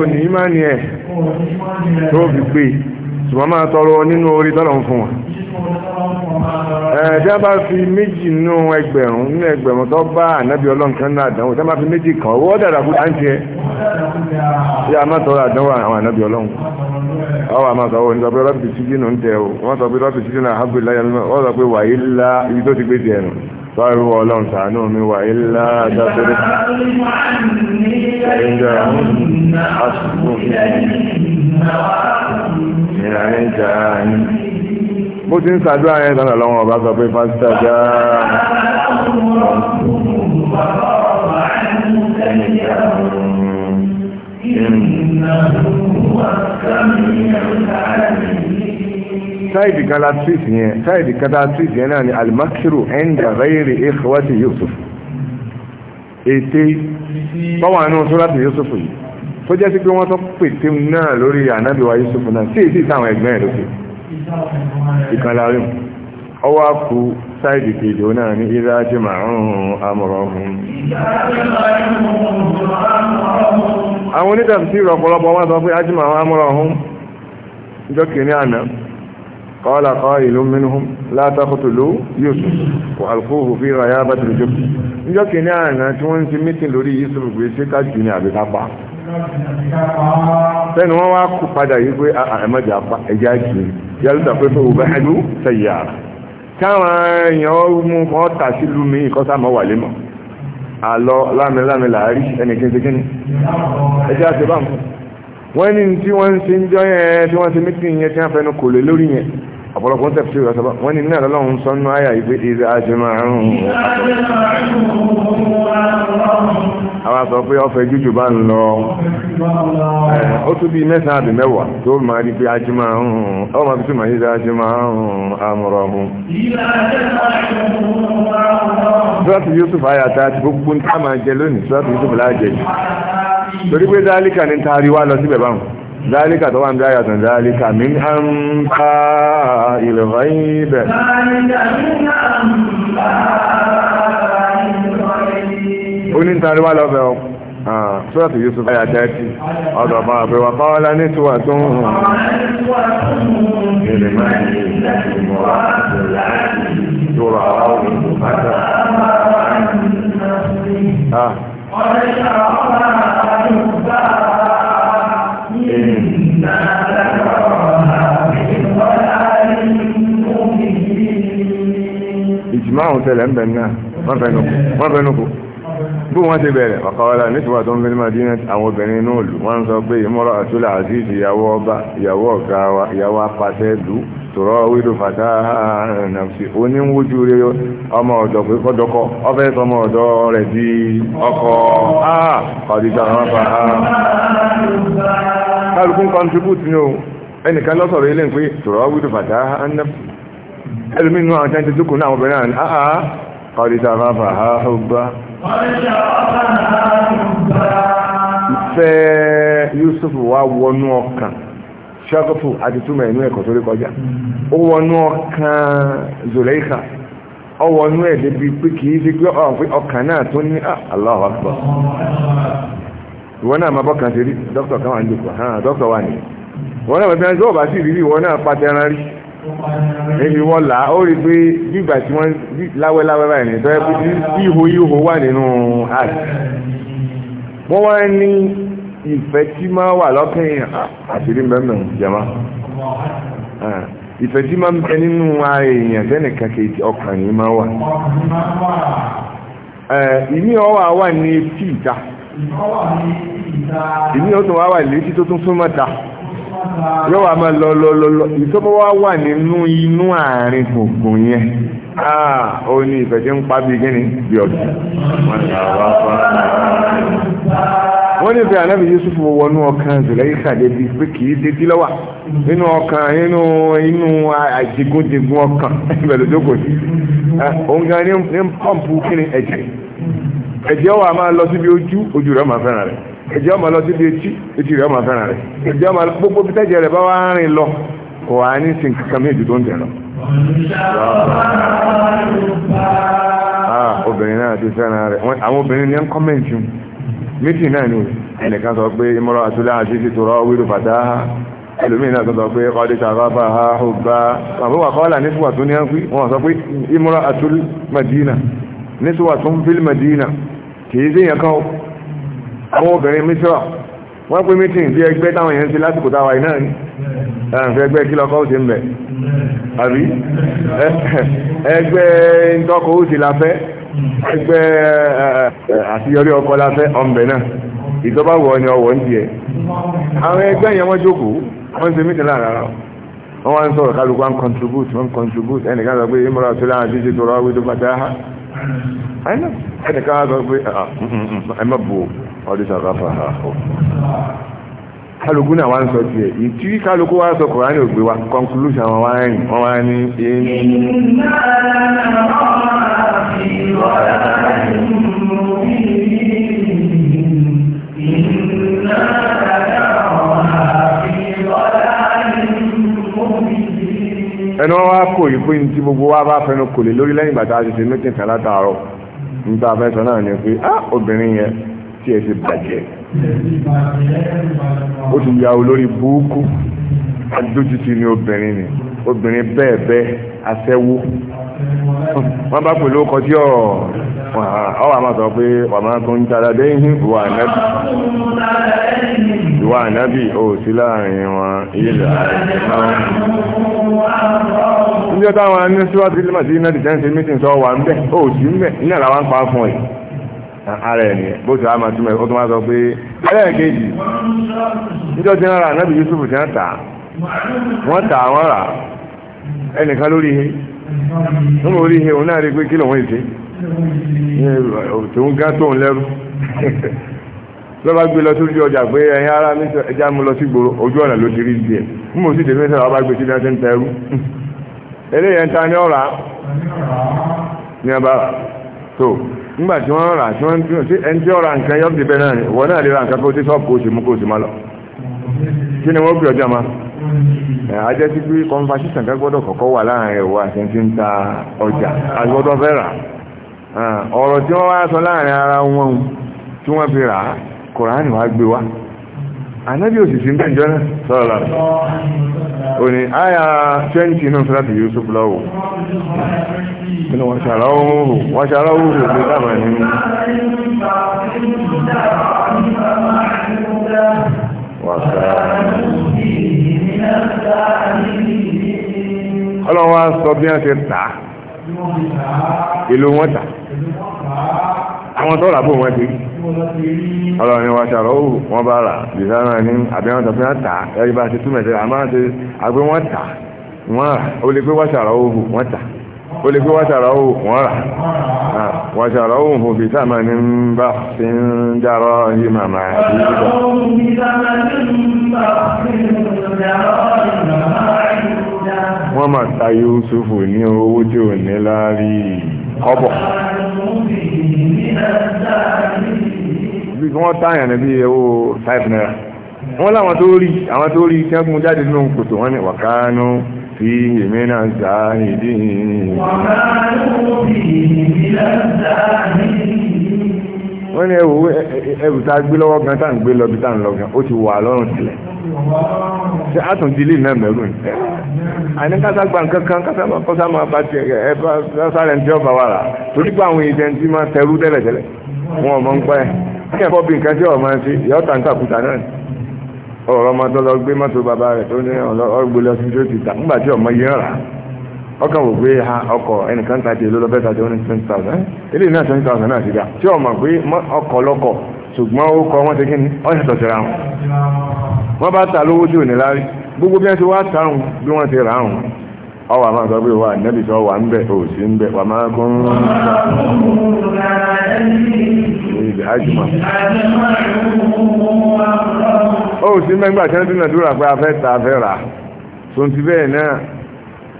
o ní ìmánìyẹ tó fi pé ṣùgbọ́n máa tọrọ nínú orí tọ́lọ̀ fún wọn ẹ̀ tí a bá fi méjì nú ẹgbẹ̀rún nínú ẹgbẹ̀rún tó bá ànábì ọlọ́nkan náà àdánwò tí bá fi méjì owó dàdà kú tí a máa tọrọ àdánwò àwọn ànábì ọlọ́run ọwọ́ àmà sọ wọn o pé rọ́bì tí jìnnà ń tẹ o wọ́n sọ pé rọ́bì tí jìnnà hábù mi bó ti ń sàdúrà yẹn tọ́nà lọ́wọ́ ọba sọ pé pásítà já sáìdì kan la tíìsì yẹn sáìdì kan la tíìsì yẹn náà ni alimakiru ẹ̀ńdà rẹ́ẹ̀rì ìkọwàtí Yusuf ète báwọn àánú tó láti Yusuf yìí tó jẹ́ sí pé wọ́n tó pète náà lórí ànábìwá Yusuf náà sí èsì táwọn ẹ̀gbẹ́ ẹ̀ lókè ìkànlárí ọwá kú sáìdì kejì ó náà ní ìrájí màrún amọ̀rọ̀hún àwọn onítàbí ìrọ̀pọ̀lọpọ̀ wọ́n sọ pé ájí màrún amọ̀rọ̀hún jọ kìíní àná kọ́ọ̀lá kọ́ ìlú mínúhùn látàkùtùlú Yusuf kò alkóhù fi rayá bá tìlú jù níjọ́ tí wọ́n ti mítìn lórí Yusuf gbé sí kájú ní àbíkápá sẹ́ni wọ́n wá kú padà yìí pé àmọ́jà ẹ̀já jù yálùtà pé fún òbẹ́ ẹnu sẹ̀yà káwọn èèyàn mú kọ́ tà sí lumi ìkọ́sá mọ́ wà lémọ̀ àlọ lámìlámì làárí ẹnì kéńtékéńté ẹjá ti bá mú wọ́n ní tí wọ́n ń ṣe ń jọ yẹn tí wọ́n ṣe mítìn yẹn tí wọ́n fẹ́nu kò lè lórí yẹn ọ̀pọ̀lọpọ̀ ń tẹ̀sí ìrọ̀sọ́bà wọ́n ní náà lọ́lọ́run sọ nínú àyà ìgbé ìrẹ́ àjẹmọ́ àrùn àwọn sọ pé ọfẹ jújù bá ń lọ ó tún bí mẹ́sàn àbí mẹ́wàá tó máa rí pé ají máa ń hùn ọ máa fi túnmà yíza ají máa ń hùn àmọ̀rọ̀ hùn sọ́ọ̀tù Yusuf ayata àti gbogbo ń tá máa jẹ lónìí sọ́ọ̀tù Yusuf láàjẹ torí pé dálíkà ní taari wá lọ síbẹ̀ báwọn ذلك طبعا لا يتن ذلك من أنباء الغيب ذلك من أنباء onítàrí wà lọ́bẹ̀ ọ sọ́ọ̀tù Yusuf ayà dẹ́ẹ̀tì ọ̀dọ̀ bá ọ̀bẹ̀ wà kọ́ ọ́lá nítorí tó ń hàn nílẹ̀ máa ń lè mọ̀ ìtura àwọn olùkọ́ta. Ọ̀rẹ́ ìṣàrọ̀ ọ̀la àdúgbà ìnà. ìjìmáhùn ń bẹ̀ náà wọ́n fẹ́ nùkù bó wọ́n ti bẹ̀rẹ̀ ọ̀kọ̀ọ̀lá nítorí tó ń fi Madina àwọn obìnrin náà lù wọ́n sọ pé ìmọ̀rọ̀ àtúlà aziz ìyàwó ọ̀gá wa ìyàwó apàṣẹ lù tòrọ wílò fàtà nàfsì oníwójú rẹ ọmọ ọ̀dọ̀ pé kọ́dọ̀kọ́ ọfẹ́ sọmọ ọ̀dọ̀ rẹ̀ di ọkọ̀ fa kálukú ni o ẹnìkan lọ́sọ̀rọ̀ ilé ń pé tòrọ wílò fàtà àwọn náà àná ọgbà ìfẹ́ Yusuf wa wọnú ọkàn ṣọ́kọ̀fù àti túmọ̀ ẹ̀nú ẹ̀kọ́ tó rí kọjá ó wọnú ọkàn Zuleika ó wọnú ẹ̀ débi pé kìí fi pé ọkàn náà tó ní ah, Allahu Akbar ìwọ náà máa bọ́kàn sí rí dókítà ebi wọ́n là ó rí i pé bígbà tí wọ́n láwẹ́láwẹ́ báyìí ní tọ́ ẹ pé ihò ihò wà nínú àt wọ́n wá ní ìfẹ́ tí máa wà lọ́kàn ah, àṣírí mẹ́mẹ́ jẹ́má ah, ìfẹ́ tí máa ń bẹ nínú ara èèyàn tẹ́nì kàkẹ́ ọkàn yìí máa wà eh, ìní ọwà wà ní etí ìta ìní ọ̀tún wà wà létí tó tún súnmọ́ta yóò wá máa lọ lọ lọ lọ ìtọ́mọ́ wá wà nínú inú àárín gbùngbùn yẹn áà ah, ó ní ìfẹ́ tí ń pa bí kíni bí ọ̀dùn wọ́n ní ìfẹ́ ànábì Yusuf wọnú ọkàn Zulaikha débi pé kì í débi lọ́wà nínú ọkàn nínú inú àjẹgúnjẹgún ọkàn ìbẹ̀lú jókòó sí ah, òun gan ní pọ́ǹpù kíni ẹ̀jẹ̀ ẹ̀jẹ̀ wà máa lọ síbi ojú ojú rẹ̀ máa fẹ́ràn rẹ̀ ẹ̀jẹ̀ ọmọ lọ síbi etí etí rẹ̀ ọmọ fẹ́ràn rẹ̀ ẹ̀jẹ̀ ọmọ gbogbo bí tẹ́jẹ̀ rẹ̀ bá wá rìn lọ kò wá ní sin kankan méjì tó ń tẹ̀ lọ. Ah, obìnrin náà ti fẹ́ràn rẹ̀ àwọn obìnrin ní kọ́mẹ̀ntì méjì náà ni ẹnìkan sọ pé ìmọ̀ràn àtúlẹ̀ àti ìtura wíru fàtà ẹlòmíín náà sọ pé kọ́dé tàbá bá a ó bá a àwọn àkọọ́là nífùwà tó ní à pín wọn sọ pé ìmọ̀ràn àtúlẹ̀ Madina nífùwà tó ń fílì Madina kì í sí ìyẹn kan àwọn obìnrin mísírà wọ́n pín mítìn bí ẹgbẹ́ táwọn èèyàn ti lásìkò táwa iná ní ẹ̀fẹ́ ẹgbẹ́ kí lọ́kọ́ òsì ń bẹ̀ àbí ẹgbẹ́ ìtọ́kọ̀ òsì láfẹ́ ẹgbẹ́ àṣeyọrí ọkọ̀ láfẹ́ ọ̀nbẹ̀ náà ìjọba wọ̀ ni ọwọ́ ń tiẹ̀ àwọn ẹgbẹ́ yẹn wọ́n jókòó wọ́n ṣe mítìn láàárọ̀ wọ́n wá ń sọ̀rọ̀ kálukú wọ́n contribute wọ́n contribute ẹnìkan sọ pé ìmọ̀ra tó láwọn àdíjẹ́ tó rọ́wọ́ tó pàtàkì ẹnìkan sọ pé ah, mm, mm, mm, ẹmọ́ bò ọdún sàkáfà ha kálukú náà na ń sọ tiẹ̀ ìtú kálukú wa sọ kùránì ògbé wa conclusion wọn wá ń wọn wá ní ẹni. ẹnu wọn kò yìí fún ti gbogbo wa bá fẹnu kò lè lórí lẹ́yìn bàtà àti tèmi kìkan látàárọ̀ nígbà fẹsọ náà ni pé ah obìnrin yẹn tí ẹ ti bàjẹ́ ó ti ya olórí burúkú adójútì ni obìnrin ni obìnrin bẹ́ẹ̀ bẹ́ẹ̀ aṣẹ́wó wọ́n bá pẹ̀lú ọkọ̀ tí ọwà máa sọ pé wà máa tún jára lẹ́yìn ìwà ànábì ìwà ànábì ò sí láàrin wọn ilẹ̀ àìsàn níjọ́ táwọn anúṣíwájú ilé màtí iná dìjẹ́ ń ṣe mítìn sọ wà ń bẹ̀ ò sí ń bẹ̀ ní àlàwà ń pa fún ẹ̀ ara ẹ̀ nìyẹn bó ti wá máa túmọ̀ ó tún máa sọ pé ẹlẹ́ẹ̀kejì níjọ́ tí wọ́n ra anábì Yusuf tí wọ́n tà wọ́n tà wọ́n rà ẹnìkan lórí ihe wọ́n mọ̀ orí ihe òun náà rí pé kí lòun èsè tòun gán tóun lẹ́rú lọ́ba gbé lọ sójú ọjà pé ẹ̀yin ara mi ẹja mú lọ sí gbòòrò ojú ọ̀nà ló ti rí sí so ńgbà tí wọ́n rà tí wọ́n tí ẹni tí ó ra nkan yọ́pù dìbẹ̀ náà wọ́n náà lè ra kó sì mú kó sì má lọ kí ni wọ́n gbé ọjà ma ajẹ́ tí wà láàrin tí wá sọ láàrin ara wọn tí fi rà wá ànábì òṣìṣẹ́ mẹ́jọ náà Oni òní twenty 20 inú sọ́láti Yusuf lọ́wọ́ inú wọ́n ṣàlọ́wọ́ wọ́n ṣàlọ́wọ́ òṣìṣẹ́ dábà ní ọlọ́wọ́ sọ bí wọ́n ti tà ìlú wọn tà àwọn tó rà bò ti ọlọ́run ni wọ́n ṣàrọ̀ ó wọ́n bá rà bìtá náà ní àbí wọ́n tọ́fí wọ́n tà ẹ̀rí bá ti túmọ̀ sí àmọ́ àti àgbẹ̀ wọ́n tà wọ́n rà ó lè pé wọ́n ṣàrọ̀ ó wọ́n tà ó lè pé wọ́n ṣàrọ̀ ó wọ́n rà wọ́n ṣàrọ̀ ó hùn bìtá máa ní bá fi ń dárọ́ yìí màmá wọ́n máa ta Yusufu ní owó tí ò ní láárí kọ́bọ̀ bí kí wọ́n táyàn ní bí owó five naira wọ́n láwọn tó rí àwọn tó rí tí wọ́n mú jáde nínú kòtò wọ́n ní wàkánú fi èmi náà sáà nìdí wàkánú fi èmi náà sáà nìdí wọ́n ní ẹwù ẹwù tá a gbé lọ́wọ́ gan tá à ń gbé tá à ń ti wà lọ́rùn tilẹ̀ ṣe tún náà mẹ́rù gba nǹkan kan kásá máa kọ́sá máa bá tiẹ̀ ẹ bá ọba wa rà torí pé àwọn èèyàn ti máa tẹrú tẹ́lẹ̀ tẹ́lẹ̀ wọn ò ń pẹ́ kí ẹ̀fọ́ bí nǹkan tí máa ṣe náà ọ̀rọ̀ ọmọ tó lọ gbé mọ́tò bàbá rẹ̀ tó ní ọkàn wò pé ha ọkọ̀ ẹnìkan tàbí èlò lọ́bẹ̀ tàbí ó ní twenty thousand ilé náà twenty thousand náà ti dà tí ọmọ pé ọkọ̀ lọ́kọ̀ ṣùgbọ́n ó kọ wọ́n ti kí ni ó yàtọ̀ síra wọn wọ́n bá ta lówó tí ò ní lárí gbogbo bí wọ́n ti wá tàrùn bí wọ́n ti rà áhùn ọwọ́ àmà sọ pé wà nẹ́bí sọ wà ń bẹ̀ ò sí ń bẹ̀ wà máa gún ó sì mẹ́gbà tí wọ́n ti nàdúrà pé afẹ́ ta afẹ́ rà tó bẹ́ẹ̀ náà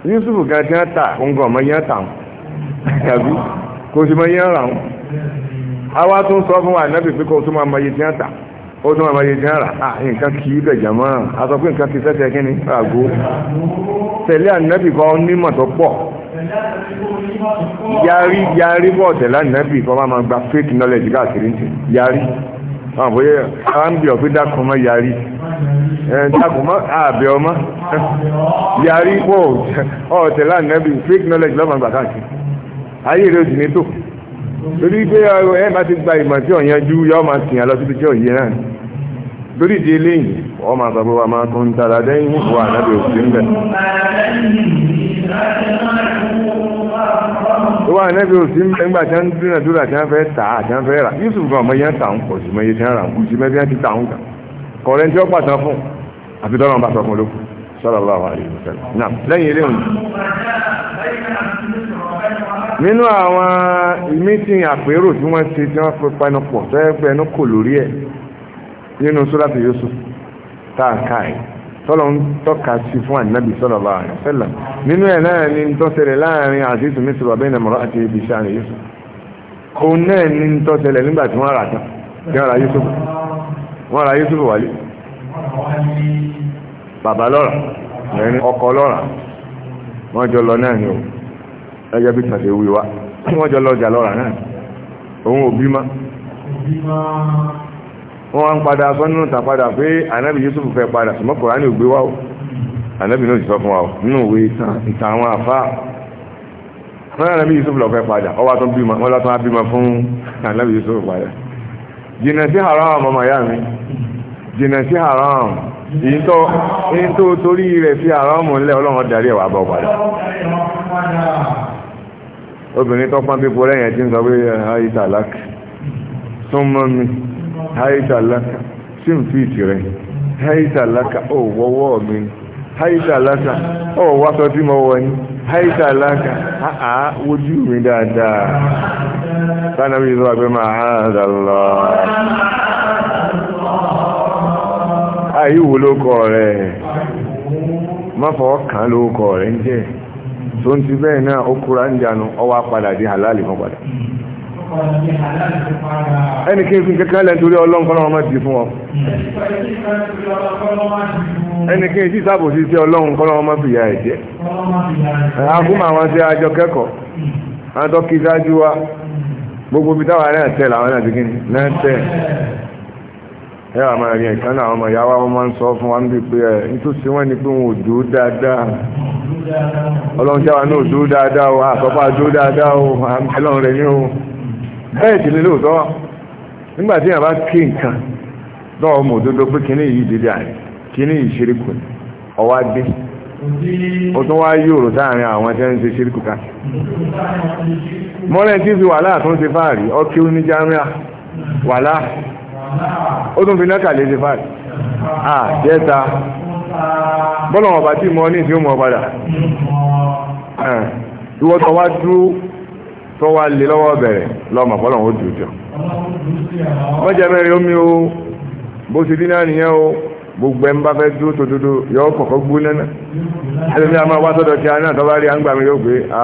yi su bu gaji na ta ungo manya tan tabi ko shi manya ran a wa tun so fun wa nabi ma maye tiya ta o tun ma maye tiya ra a yin kan ki ga jama'a a so fun kan ki sa ta gini a tele annabi ko ni mo to po yari yari bo tele annabi ko ma gba fake knowledge ga kirin ti yari àwọn bóyá à ń bì ọ́ pé dákun mọ́ yarí dákun mọ́ àbẹ̀ ọmọ yarí pọ̀ ọ̀tẹ̀ lánàbí fake knowledge lọ́mọ gbà káàkiri ayé rẹ̀ òjì ní tò torí pé ẹ bá ti gba ìmọ̀ tí ọ̀yanjú yọ ọ́ sìn lọ síbi tí ọ̀yẹ́ náà lórí ìdí eléyìí ọ máa sọ máa tún tara dẹ́yìn wà nábẹ́ òsì ń bẹ̀. bàbá ànẹ́bí òsì ńgbà tí wọ́n dúnàdúrà tí wọ́n fẹ́ tà á tí wọ́n fẹ́ rà Yusuf gan ọmọ yẹn tà ń pọ̀ sí mẹ́yẹ tí wọ́n rà ń pọ̀ sí mẹ́bí wọ́n ti tà ń kà kọ̀rẹ́ tí wọ́n pàtàn fún àti tọ́lọ́ ń bá sọ fún olóko sọ́lọ́ lọ́wọ́ àríwá sẹ́lẹ̀ náà lẹ́yìn ilé òní. nínú àwọn mítìn àpérò tí wọ́n ṣe tí wọ́n fi pẹnu pọ̀ tẹ́ pẹnu kò lórí ẹ̀ nínú sọ́lá tọ́lọ ń tọ́ka sí fún ànábì sallallahu alaihi wasallam nínú ẹ̀ náà ni ń tọ́sẹ̀lẹ̀ láàrin àzízù mẹ́sì bàbá ìnà mọ̀rọ̀ àti ibi iṣẹ́ àrẹ yusuf òun náà ni ń tọ́sẹ̀lẹ̀ nígbà tí wọ́n rà tán tí wọ́n ra yusuf wọ́n ra yusuf wálé bàbá lọ́ra ẹni ọkọ lọ́ra wọ́n jọ lọ náà ni o ẹjọ́ bí tàṣẹ wíwá wọ́n jọ lọ jà lọ́ra náà òun òbí má wọ́n wá ń padà sọ nínú ìtàn padà pé ànábì Yusuf fẹ́ padà ṣùgbọ́n Kùránì ò gbé wá o ànábì náà ti sọ fún wa o nínú òwe ìtàn àwọn àfa wọ́n ní ànábì Yusuf lọ fẹ́ padà ọwọ́ àtún bímọ wọ́n látún abímọ fún ànábì Yusuf padà jìnnà sí haram ọmọ ìyá mi jìnnà sí haram èyí tó èyí tó torí rẹ̀ fi haram ńlẹ̀ ọlọ́run darí ẹ̀ wá bọ̀ padà obìnrin tó pọ́n pípọ̀ lẹ́yìn ẹ̀ ti ń sọ pé ẹ̀ haita laka sí ń fi ìtì rẹ̀ haita laka ó wọ́wọ́ mi haita laka ó wato tí mo wọ ní haita laka àá wojú mi dáadáa sanabi wa àgbẹ̀ ma ha da lọ ló kọ rẹ̀ mọ́fọ́ kan ló kọ rẹ̀ n jẹ́ tó ti bẹ́ẹ̀ náà ó kúra ń janu ọwọ́ padà di halali mọ́ padà ẹnì kí n fi kankan lẹ́nu torí ọlọ́run kọ́ lọ́wọ́ máa di fún ọ. ẹnì kí n sì sábòsí sí ọlọ́run kọ́ lọ́wọ́ ìyá ẹ̀ jẹ́. àwọn tí a jọ kẹ́kọ̀ọ́ àwọn tó kí sáájú wa gbogbo ibi táwa náà tẹ̀ làwọn náà ti kí ni náà tẹ̀. ẹ wà máa rí ẹ̀kan náà àwọn ọmọ ìyá wa wọ́n máa ń sọ fún wa ń bí pé ẹ̀ nítòsí wọn ni pé wọn ò dúró dáadáa ọlọ́run jáwa náà dúró dáadáa o àkọ́kọ́ àdúró dáadáa o ẹlọ́run rẹ̀ ní o. bẹ́ẹ̀ sì lè lóòótọ́ nígbà tí kí nǹkan náà mọ̀ òdodo pé kíní yìí dédé àyè kíní yìí ṣerékù ni ọwá dé ó tún wá yí òrò sáàrin àwọn tẹ́ ń ṣe ṣerékù ká mọ́lẹ̀ tí fi wàhálà tún ṣe fáàrí ọkí ní jámíà wàhálà ó tún fi nákàlẹ̀ ṣe fáàrí à jẹ́ta bọ́lọ̀ ọ̀bà mo ní mọ́ padà ìwọ́tọ̀ tó wá lọ́wọ́ bẹ̀rẹ̀ lọ́mọ fọ́lọ̀ ó dùn jọ. mẹ́rin omi o bó ti dín náà nìyẹn o gbogbo ẹ̀ ń bá fẹ́ dúró yọ kọ̀kọ́ àmọ́ wá sọ́dọ̀ tí a náà yóò gbé a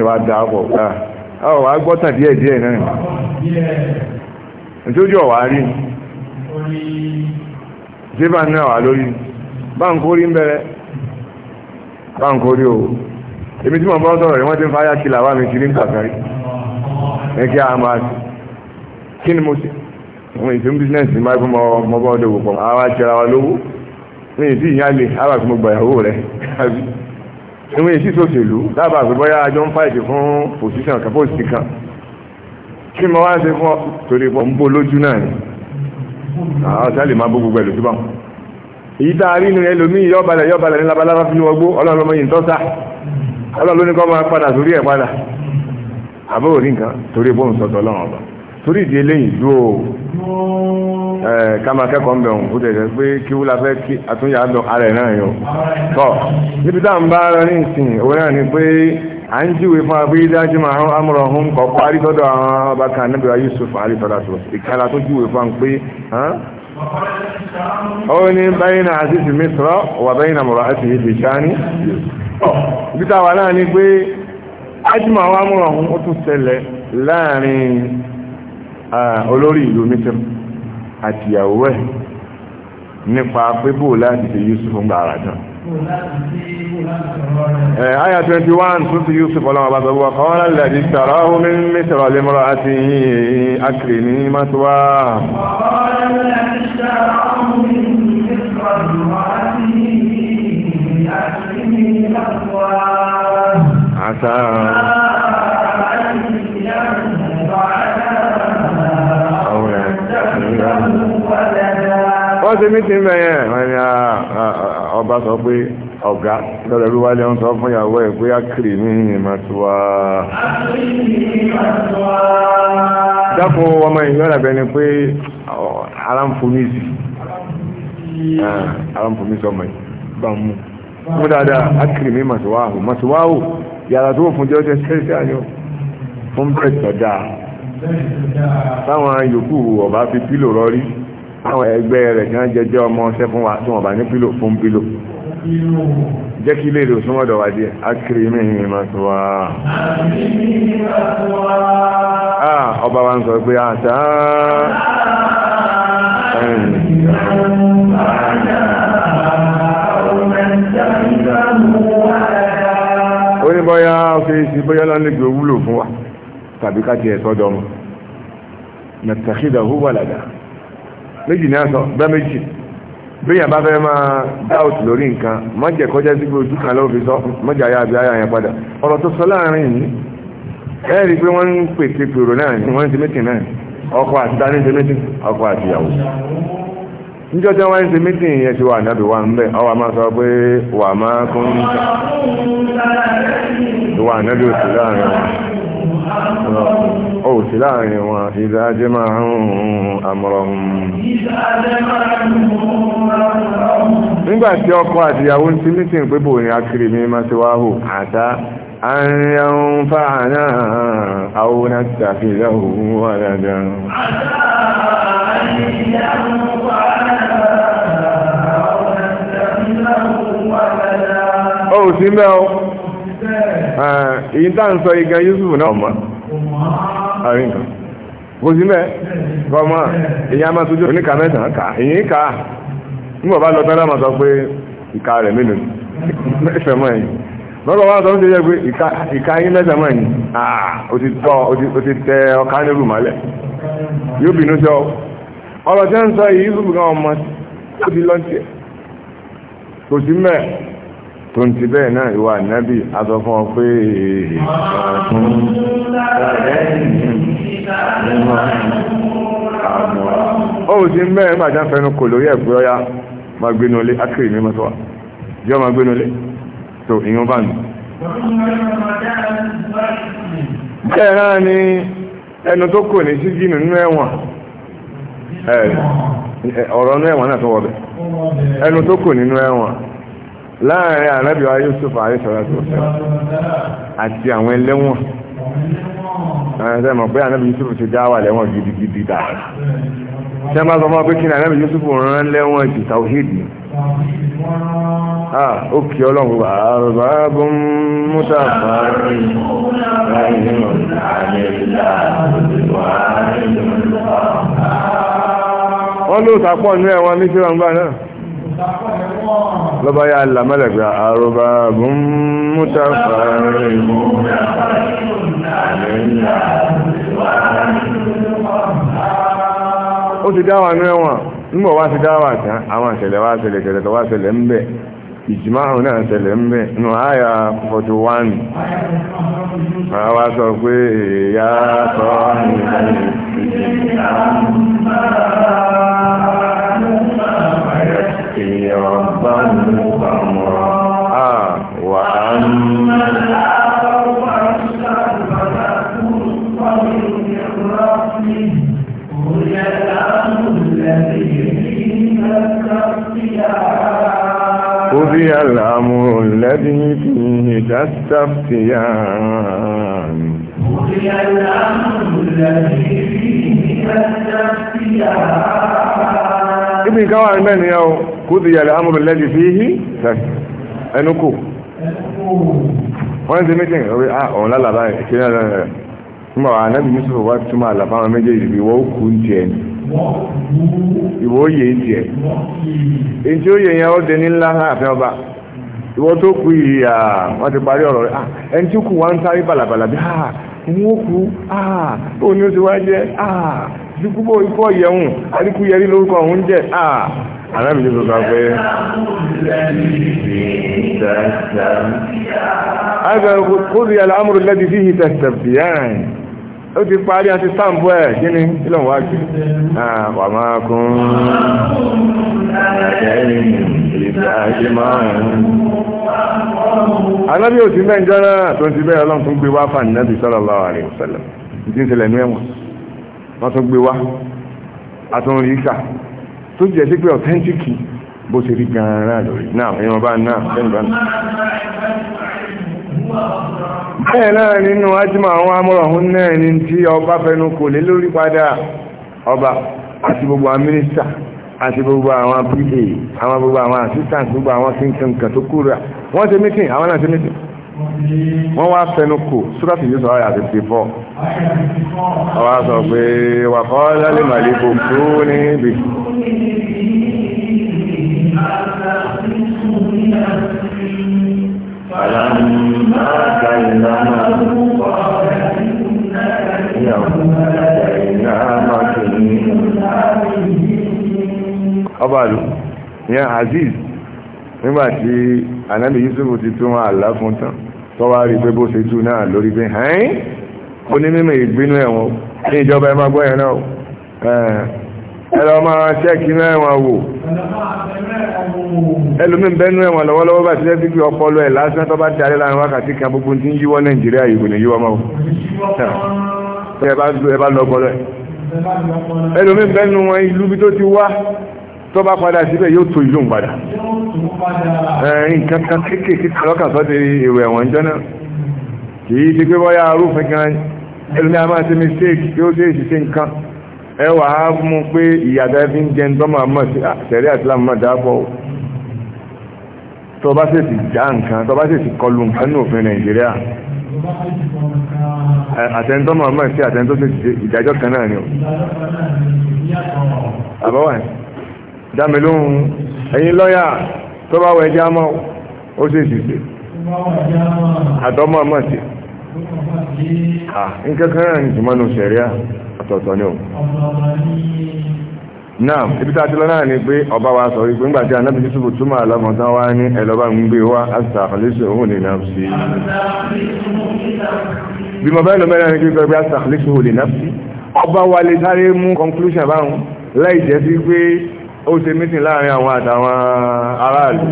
ìwà da ọkọ̀ gbà a wá gbọ́ díẹ̀ díẹ̀ náà ọ̀wá rí ṣé bá ń wà lórí èmi tí mo bọ́ sọ̀rọ̀ wọ́n ti ń fáyà kìlà wà mí ti ní kàkàn rí ẹ̀kẹ́ àmà kí ni mo ṣe wọ́n ìṣe ń bísínẹ́sì ní máa fún mọ bọ́ ọdọ òwò pọ̀ àwa ṣẹra wa lówó ní ìdí ìyá lè àbà fún mo gbà ìyàwó rẹ̀ àbí ìwọ̀n èsì tó ṣèlú dábàá pé bóyá ajọ́ ń fáìtì fún pòsíṣàn kan pòsíṣì kan kí ni mo wá ń ṣe fún torí pọ̀ ń bó lójú náà ni àwọn ọ̀sán lè máa bó gbogbo ẹ̀lú túbọ̀ èyí ọlọ́run ló ní kọ́ máa padà sórí ẹ̀ padà àbọ̀ òrí nǹkan torí bóun sọ̀tọ̀ ọlọ́run ọba torí ìdí eléyìí dúró ká máa kẹ́kọ̀ọ́ ń bẹ̀ òun ó tẹ̀lé pé kí wúlá fẹ́ kí àtúnyà lọ ara ẹ̀ náà yọ tọ́ níbi táà ń bá ara ní ìsìn òun náà ni pé à ń jíwèé fún abúlé dájú máa ń amúrọ̀ ọ̀hún kọ̀ọ̀kọ́ àrítọ́dọ̀ àwọn ọba kan níbi wa Yusuf àrítọ́dọ̀ àtúrọ̀ ìkàlà tó jíwèé fún wa pé onye ní báyìí àzízi mísírọ̀ wà báyìí mọ̀rọ̀ àti ìdí sáni bíta wà náà ni pé ájúmọ̀ àwọn amúràn ó tún ṣẹlẹ̀ láàrin olórí ìlú آية 21 سورة يوسف ولما بطل وقال الذي اشتراه من مصر لامرأته أكرمي مثواه وقال الذي اشتراه من مصر لامرأته أكرمي مثواه عسى wọ́n ṣe mí ti ń bẹ̀yẹn wọ́n ni ah, ah, ah, ọba sọ pé ọ̀gá lọ́rọ̀ ló wálé ń sọ fún ìyàwó ẹ̀ pé àkìrì ní ìyìnmọ̀ tó wá. dákun ọmọ ìyọ́ dàbẹ́ ni pé ara ń fún mi sí ara ń fún mi sọmọ yìí bá mú mú dáadáa àkìrì mi yàrá tó fún jẹ́ ọ́ fún bẹ́ẹ̀ tọ́jà táwọn yòókù ọba fi pílò rọrí àwọn ẹgbẹ́ rẹ̀ kan jẹjẹ́ ọmọ ọṣẹ́ fún wa tí wọ́n bá ní pílò fún pílò jẹ́ kí lè lò súnmọ́dọ̀ wà díẹ̀ akiri mẹ́rin ma tó ọba wa ń sọ pé àtà ó tàbí ká ẹ̀sọ́dọ̀ ọmọ nàtàkídà húwàlàdà méjì ní aṣọ bẹ́ méjì bíyàn bá fẹ́ máa dáòt lórí nǹkan mọ́jẹ̀ kọjá sí ojú kan ló fi sọ mọ́jẹ̀ ayá àbí padà tó sọ láàrin yìí pé ń pèsè pèrò náà ni wọ́n ń ṣe mítìn náà ọkọ àti ta ṣe mítìn ọkọ àti ìyàwó níjọ́ tí wọ́n ń ṣe mítìn yẹn ti wà nábì wà ń bẹ̀ ọwọ́ máa sọ pé wà máa kún wà nábì òsì láàrin wọn ó sì láàrin wọn ìdájẹ́ máa ń àmọ́rọ̀ nígbàtí ọkọ àti ìyàwó ń ti mítìn pé bò ní akiri mi máa ti wá hù àtá àríyàn fàánà àwọn àtàfihàn wà èyí tá à ń sọ igan Yusuf náà ọmọ àárín nǹkan kò sí mẹ́ kọ́mọ èyí a máa tójú oníkà mẹ́sàn-án kà èyí kà á nígbà bá lọ tán láwọn sọ pé ìka rẹ̀ mélòó mẹ́sàn-án mọ́ ẹ̀yìn lọ́dọ̀ wá sọ ń ṣe yẹ pé ìka yín mẹ́sàn-án mọ́ ẹ̀yìn àà ti tẹ ọkà nílùú mọ́lẹ̀ yóò bínú sọ ọ̀rọ̀ tí wọ́n sọ yìí Yusuf náà ọmọ tó ń ti bẹ́ẹ̀ náà ìwà nábì a sọ fún ọ pé ó sì ń bẹ́ẹ̀ nígbàjá fẹnu kò lórí ẹ̀gbẹ́ ọya máa gbénu ilé akéré mi mọ́tọ́wà yọ máa gbénu ilé tó ìyọ́n bá nù. bẹ́ẹ̀ náà ni ẹnu tó kò ní sí jìnnà nínú ẹ̀wọ̀n ọ̀rọ̀ nínú ẹ̀wọ̀n náà tó wọ̀ ẹnu tó kò nínú ẹ̀wọ̀n. láàrin ànábì wa Yusuf àríṣọ́lá tó fẹ́ àti àwọn ẹlẹ́wọ̀n ẹ̀ẹ́dẹ́mọ̀ pé ànábì Yusuf ti dá wà lẹ́wọ̀n gidigidi dáa ṣe máa sọ máa pé kí ni ànábì Yusuf rán lẹ́wọ̀n ti tàwíìdì ah, ó kí ọlọ́run wà àrùbáàbù mútàfà wọ́n lọ́bá yá lámẹ́lẹ̀gbà àrùbá bùn múta fàárí ó ti dáwà ní ẹ̀wọ̀n nígbà wá ti dáwà tán àwọn ìṣẹ̀lẹ̀ wá ṣẹlẹ̀ ìṣẹ̀lẹ̀ tó wá ṣẹlẹ̀ ń bẹ ìjìmáhùn náà tẹ̀lẹ̀ ń bẹ̀ nù àyà 41 àwa sọ pé èyà sọ ah, Wà á قضي الأمر الذي فيه تستفتيان قضي الأمر الذي فيه تستفتيان ابن كوان من يو قضي الأمر الذي فيه تستفتيان ẹnukù wọ́n ti mítìn orí ọ̀hún lálàbá ìkíní àlàbá ẹ̀ nígbà wà náà bí Yusuf wá túmọ̀ àlàbá àwọn méjèèjì bí wọ́n kú ń tiẹ̀ ni ìwọ òye ń tiẹ̀ èyí tí ó yẹ ní ńlá ọba ìwọ tó kú yìí à wọ́n ti parí ọ̀rọ̀ rẹ̀ à ẹni tí ó onye wọ́n ń sáré bàlàbàlà bí à wọ́n kú à ó ní ó ti wá jẹ́ à dúkúbọ̀ ikú ọ̀yẹ̀hùn ó ti parí àti sáàmbú ẹ̀ gíní ilọ̀ wájú wà máa kún alábí ò sí bẹ́ẹ̀ jọ́nà tó ti bẹ́ẹ̀ ọlọ́run tún gbé wá fàní náà ti sallallahu alaihi wasallam ìdí ìṣẹ̀lẹ̀ ní ẹ̀wọ̀n wọ́n tún gbé wá àtún rí ìsà tó jẹ́ sí pé ọ̀tẹ́ntìkì bó ṣe rí gan-an lórí náà ẹ̀yàn bá náà bẹ́ẹ̀ náà nínú ajímọ̀ àwọn amọ́rọ̀hún náà ni tí ọba fẹnu kò lórí padà ọba àti gbogbo àwọn mínísítà gbogbo àwọn pa àwọn gbogbo àwọn assistant gbogbo àwọn kíńkín tó kúrò wọ́n mítìn àwọn náà ṣe mítìn wọ́n wá sọ sọ فلما كلمه قال إنه ọbàlù ìyẹn aziz nígbàtí anábi yusuf ti tún àlá fún tán tọ́wà rí pé bó ṣe tú náà lórí pé hẹ́yìn ó ní mímọ̀ ìgbínú ẹ̀wọ̀n ní ìjọba ẹmọ gbọ́yẹ̀ náà ẹ̀rọ máa ṣẹ́ẹ̀kì mẹ́wàá wò ẹlòmí bẹ́nu ẹ̀wọ̀n lọ́wọ́lọ́wọ́ bá ti rẹ́ fífi ọpọlọ ẹ̀ lásán tó bá ti arẹ́ láàrin wákàtí kan gbogbo tí ń yíwọ́ nàìjíríà yìí kò ní yíwọ́ máa ẹ bá lọ ọpọlọ ẹ̀ ẹlòmí bẹ́nu wọn ìlú bí tó ti wá tó bá padà síbẹ̀ yóò arúfin kan ẹlòmí a máa ṣe mistake yóò ṣe é ṣiṣẹ́ nǹkan ẹ á mú pé ìyàtọ̀ ẹbí ń jẹ ń tọ́mọ̀ sí àtẹ̀rí àtìlámù máa dáàbọ̀ o tó bá sì ti já nǹkan tó bá sì ti kọlu nǹkan ní òfin nàìjíríà àtẹ̀ntọ́mọ̀ àmọ́ sí àtẹ̀ntọ́ sí ìdájọ́ kan náà ni o àbáwá dámi lóhun ẹ̀yin lọ́yà tó bá wọ ẹjẹ́ àmọ́ ó sì sì sí àtọ́mọ̀ àmọ́ sí nǹkan kan náà ni tùmọ̀ nù sẹ̀ríà ọ̀tọ̀ọ̀tọ̀ ni o náà ibi tá a ti lọ náà ni pé ọba wa sọ wípé ńgbàtí anábì yusufu túmọ̀ àlọ́mọ tán wá ní ẹ̀lọ́ba ń gbé wá àṣà àkàlẹ́sì òun ní nàfsí bí mo bá lọ mẹ́rin ní pípẹ́ pé àṣà àkàlẹ́sì òun ní nàfsí ọba wa lè sáré mú conclusion báwọn láì jẹ́ sí pé ó ṣe mítìn láàrin àwọn àtàwọn aráàlú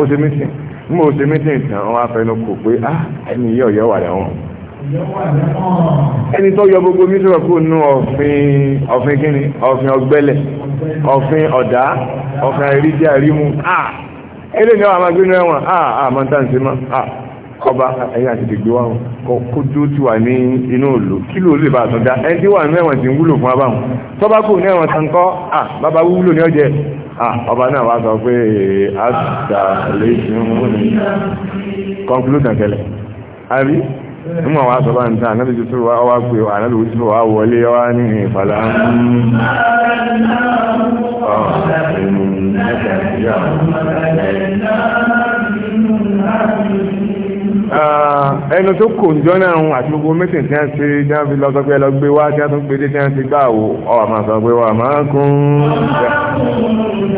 ó ṣe mítìn mú ó ṣe mítìn tán wọn á fẹnu kò pé ah ẹni yẹ́ ọ̀yẹ́ wà lẹ́wọ̀n ẹni tó yọ gbogbo mísírọ̀ kúrò nínú ọ̀fin ọ̀fin kíni ọ̀fin ọ̀gbẹ́lẹ̀ ọ̀fin ọ̀dá ọ̀fin àríjẹ́ àrímú ilé ní àwọn agbínú ẹ̀wọ̀n àmọ́ntàǹsí mọ́ ọba ẹ̀yà ti dìgbò wọn kó tó ti wà ní inú òlò kí ló lè bá àtọ́ dá ẹni tí wà ní ẹ̀wọ̀n ti ń wúlò fún abáhùn tọ́bá kò ní ẹ̀wọ̀n tankọ́ bàbá wúlò ní ọjẹ́ ọba náà wá sọ pé àtàlẹ́sìn conclude tẹ̀lẹ̀ nígbà wàá sọ bá ń tán anábì tuntun wa wá pé anábì tuntun wa wọlé wá ní ìfàlà ah, ẹnu tó kò ń jọ́nà àwọn àti gbogbo mẹ́sìn tí a ń ṣe tí a fi lọ sọ pé lọ gbé wá tí a tún gbé dé tí a ń ṣe gbáàwó ọ̀ àmà sọ pé wà máa kún un.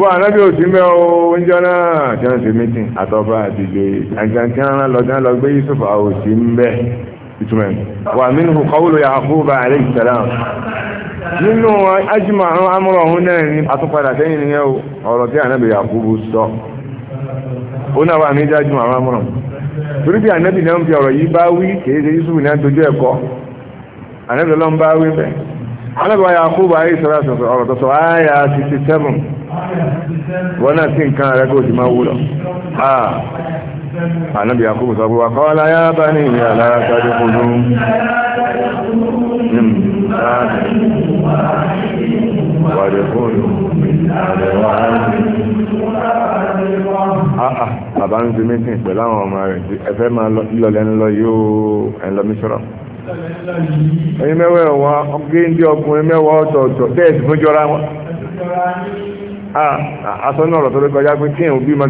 wọ́n anábí òsì mẹ́ oúnjẹ náà tí wọ́n ṣe mítìn àtọ́bá àti ìjòyè àjàntí ara lọ́jọ́ lọ gbé Yusuf àwòsí ń ìtumẹ̀ wà nínú kọ́wùlù Yakuba alayhi salam nínú ajímọ̀ àwọn amúrọ̀ ọ̀hún náà ní atúpadà sẹ́yìn nìyẹn ọ̀rọ̀ tí sọ alábàá yakubu ayé sọ́ra sọ̀rọ̀ ọ̀rọ̀ tọ̀sọ̀ "Aya sixty seven wọn náà sì nǹkan rẹ kó o ti máa wúlọ. Ah. ànábì yakubu sọ pé wà kọ́ ọ́lá yá bá ní ìyá aláàtàdé kúrú ní mùsàlẹ̀ wàdé kúrú àdéhùn àá bàbá ń ṣe mítìn pẹ̀lú àwọn ọmọ rẹ̀ ẹ fẹ́ máa lọlẹ́ ńlọ yóò ẹ̀ ń lọ mí sọ́rọ̀. ẹ̀yin mẹ́wàá ẹ̀wọ̀n ọgbẹ́ ndí ọkùnrin mẹ́wàá ọ̀tọ̀ọ̀tọ̀ tẹ́ẹ̀sì fún jọra wọn asọ́nà ọ̀rọ̀ kọjá ma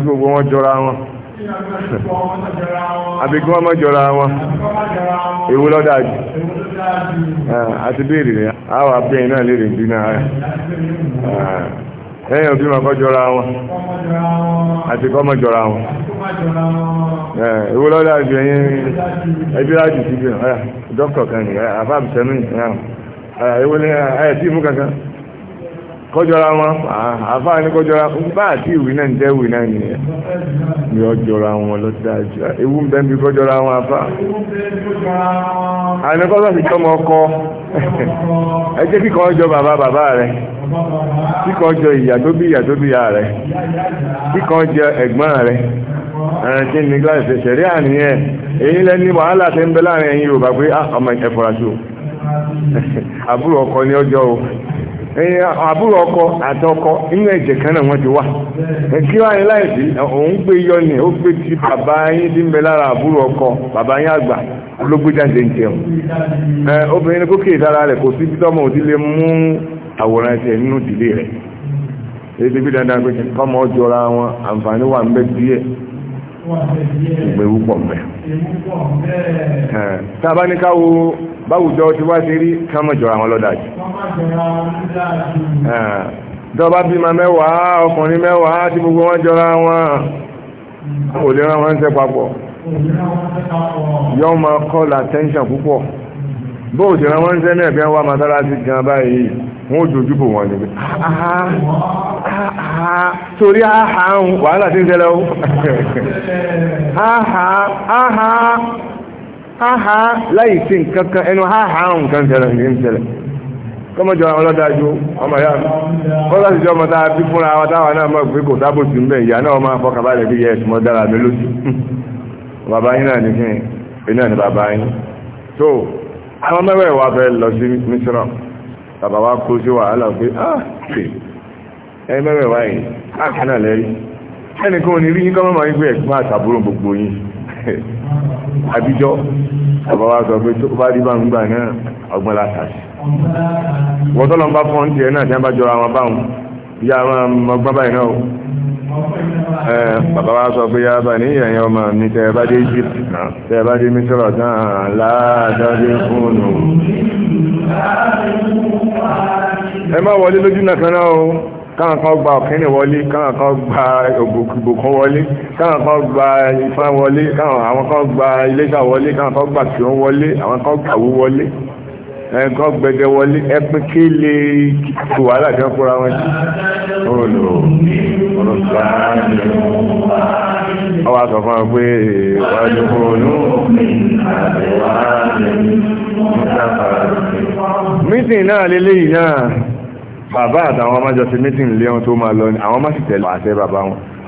jọra wọn jọra wọn ìwọ lọ́dọ̀ àjọ yẹn ẹbí láti ti bíọ̀ dọ́kítọ̀ kan ní àfáàbù sẹ́mi ìwọ ní ẹ̀ tí mú kankan kọjọra wọn àfáà ní kọjọra bá àti ìwé náà ń jẹ́ ìwé náà nìyẹn ni ọjọra wọn ló dájú ewu ń bẹ́ ń bí kọjọra wọn àfáà àní kọ́sọ́ sì jọmọ ọkọ ẹ jẹ́ kíkọ́ ọjọ́ bàbá bàbá rẹ̀ kíkọ́ ọjọ́ ìyá tó ẹ̀gbọ́n rẹ̀. kí ni gíláàsì ṣẹ̀rí àníyàn èyí lẹ́ni wàhálà ti ń bẹ láàrin ẹ̀yin Yorùbá pé ah, ọmọ ẹ̀fọ́ra o àbúrò ọkọ ní ọjọ́ ọkọ àti ọkọ inú ẹ̀jẹ̀ kan náà wọ́n ti wá kí wá ní láìsí òun gbé yọ ni ó gbé ti bàbá yín tí ń bẹ lára àbúrò ọkọ bàbá yín àgbà ló gbé jáde obìnrin kó dára rẹ̀ kò sí bí tọ́mọ mú àwòrán ẹsẹ̀ nínú ìdílé ìgbèrú pọ̀ mẹ́ tàbá ní káwo báwùjọ ti wá sí rí kámọ̀jọra wọn lọ́dájú tọba bí ma mẹ́wàá ọkùnrin mẹ́wàá tí gbogbo wọn jọra wọn kò lè rán wọn ń ṣe papọ̀ yọ́ ma call attention púpọ̀ bóò jẹ́ wọ́n ń sẹ́nà ẹ̀fẹ́ wá mọ́sálásí gan báyìí wọ́n jòjú bò wọ́n níbi torí àhà ń wàhálà tí ń ṣẹlẹ̀ ó àhà àhà àhà láì sí nǹkan kan ẹnu àhà ń kan ṣẹlẹ̀ ní ń ṣẹlẹ̀ kọ́mọ̀jọ ọlọ́dájú ọmọ ìyá kọ́lá sì jọ mọ́ta bí fúnra wa táwa náà mọ̀ pé kò sábò sí mbẹ̀ ìyá náà máa fọkàbalẹ̀ bí yẹ ẹ̀sùn mọ́ dára mi lójú bàbá yín náà ní kí ni náà ní bàbá yín tó àwọn mẹ́wẹ̀ wá fẹ́ lọ sí mísíràn bàbá wa kó sí wàhálà pé áàkì ẹ mẹ́wẹ̀ wá yìí áàkánà lẹ́rí ẹnìkan ní rí yínkọ́ mọ́mọ́ wípé ẹ̀gbọ́n àtàbúrò gbogbo yín àbíjọ́ bàbá wa sọ pé tó bá rí bá ń gbà náà ọgbọ́n látàṣì wọ́tọ́lọ́mbá fọ́ńtì ẹ̀ náà tí wọ́n bá jọra wọn báwọn bí àwọn ọgbọ́n báyìí bàbá wa sọ pé yába ní ìyẹ̀yìn ọmọ ní tẹ́ẹ̀bá dé Egypt tẹ́ẹ̀bá dé mísọ́rọ̀ tán láàdájé fóònù ẹ má wọlé lójú nàkan náà o káwọn gba ọ̀kẹ́ni wọlé káwọn gba ògbòkun wọlé káwọn gba ifá wọlé káwọn gba iléṣà wọlé káwọn gba kìrún wọlé àwọn kan gbàwó wọlé ẹ̀kọ́ gbẹ̀gẹ̀ wọlé ẹ̀pẹ́ kí lè tù wà láti ọkùnrin àwọn ẹ̀jẹ̀ olò olùsàánì ọwọ́ sọ fún ọ pé ìwájú olú mítìn náà lélẹ́yìí náà bàbá àtàwọn ọmọ jọ sí mítìn lé wọn tó máa lọ ni àwọn má sì tẹ̀lé àṣẹ bàbá wọn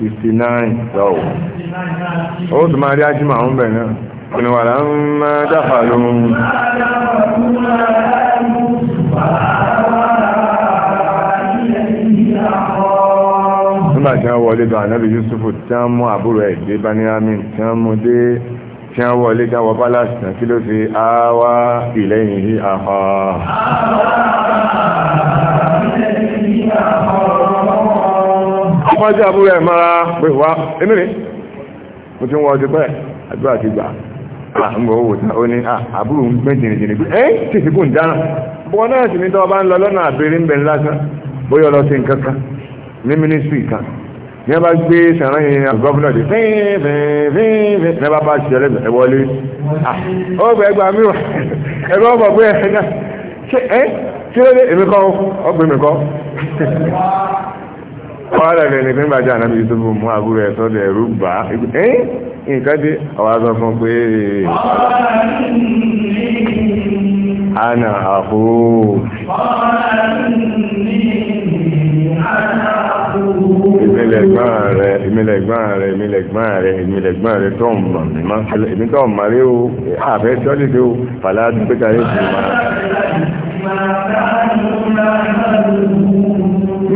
fifty nine tọ́wọ̀ ó tún máa rí ajímọ̀ àwọn bẹ̀rẹ̀ náà ìnìwàlá ń máa dáfà lóhun nígbà tí wọ́n wọlé lọ ànábì Yusufu tí wọ́n mú àbúrò ẹ̀ dé bá ní amín tí wọ́n mú dé tí wọ́n wọlé jáwọ́ palace náà kí ló fi àwa ìlẹ́yìn yìí àhọ́ àwa ìlẹ́yìn yìí àhọ́ kọjá àbúrò ẹ̀ mara pé wá inú ni mo ti ń wọ ọdún pẹ́ àdúrà ti gbà àmọ́ owó tí ó ní àbúrò ń a kọ́lẹ̀ rẹ̀ ní pín bàjá ànábì tó bù mú àbúrò ẹ̀ sọ́dọ̀ ẹ̀rú bá ẹ́ nǹkan dé ọwà sọ fún pé ana àpò ìmìlẹ̀gbọ́n rẹ̀ ìmìlẹ̀gbọ́n rẹ̀ ìmìlẹ̀gbọ́n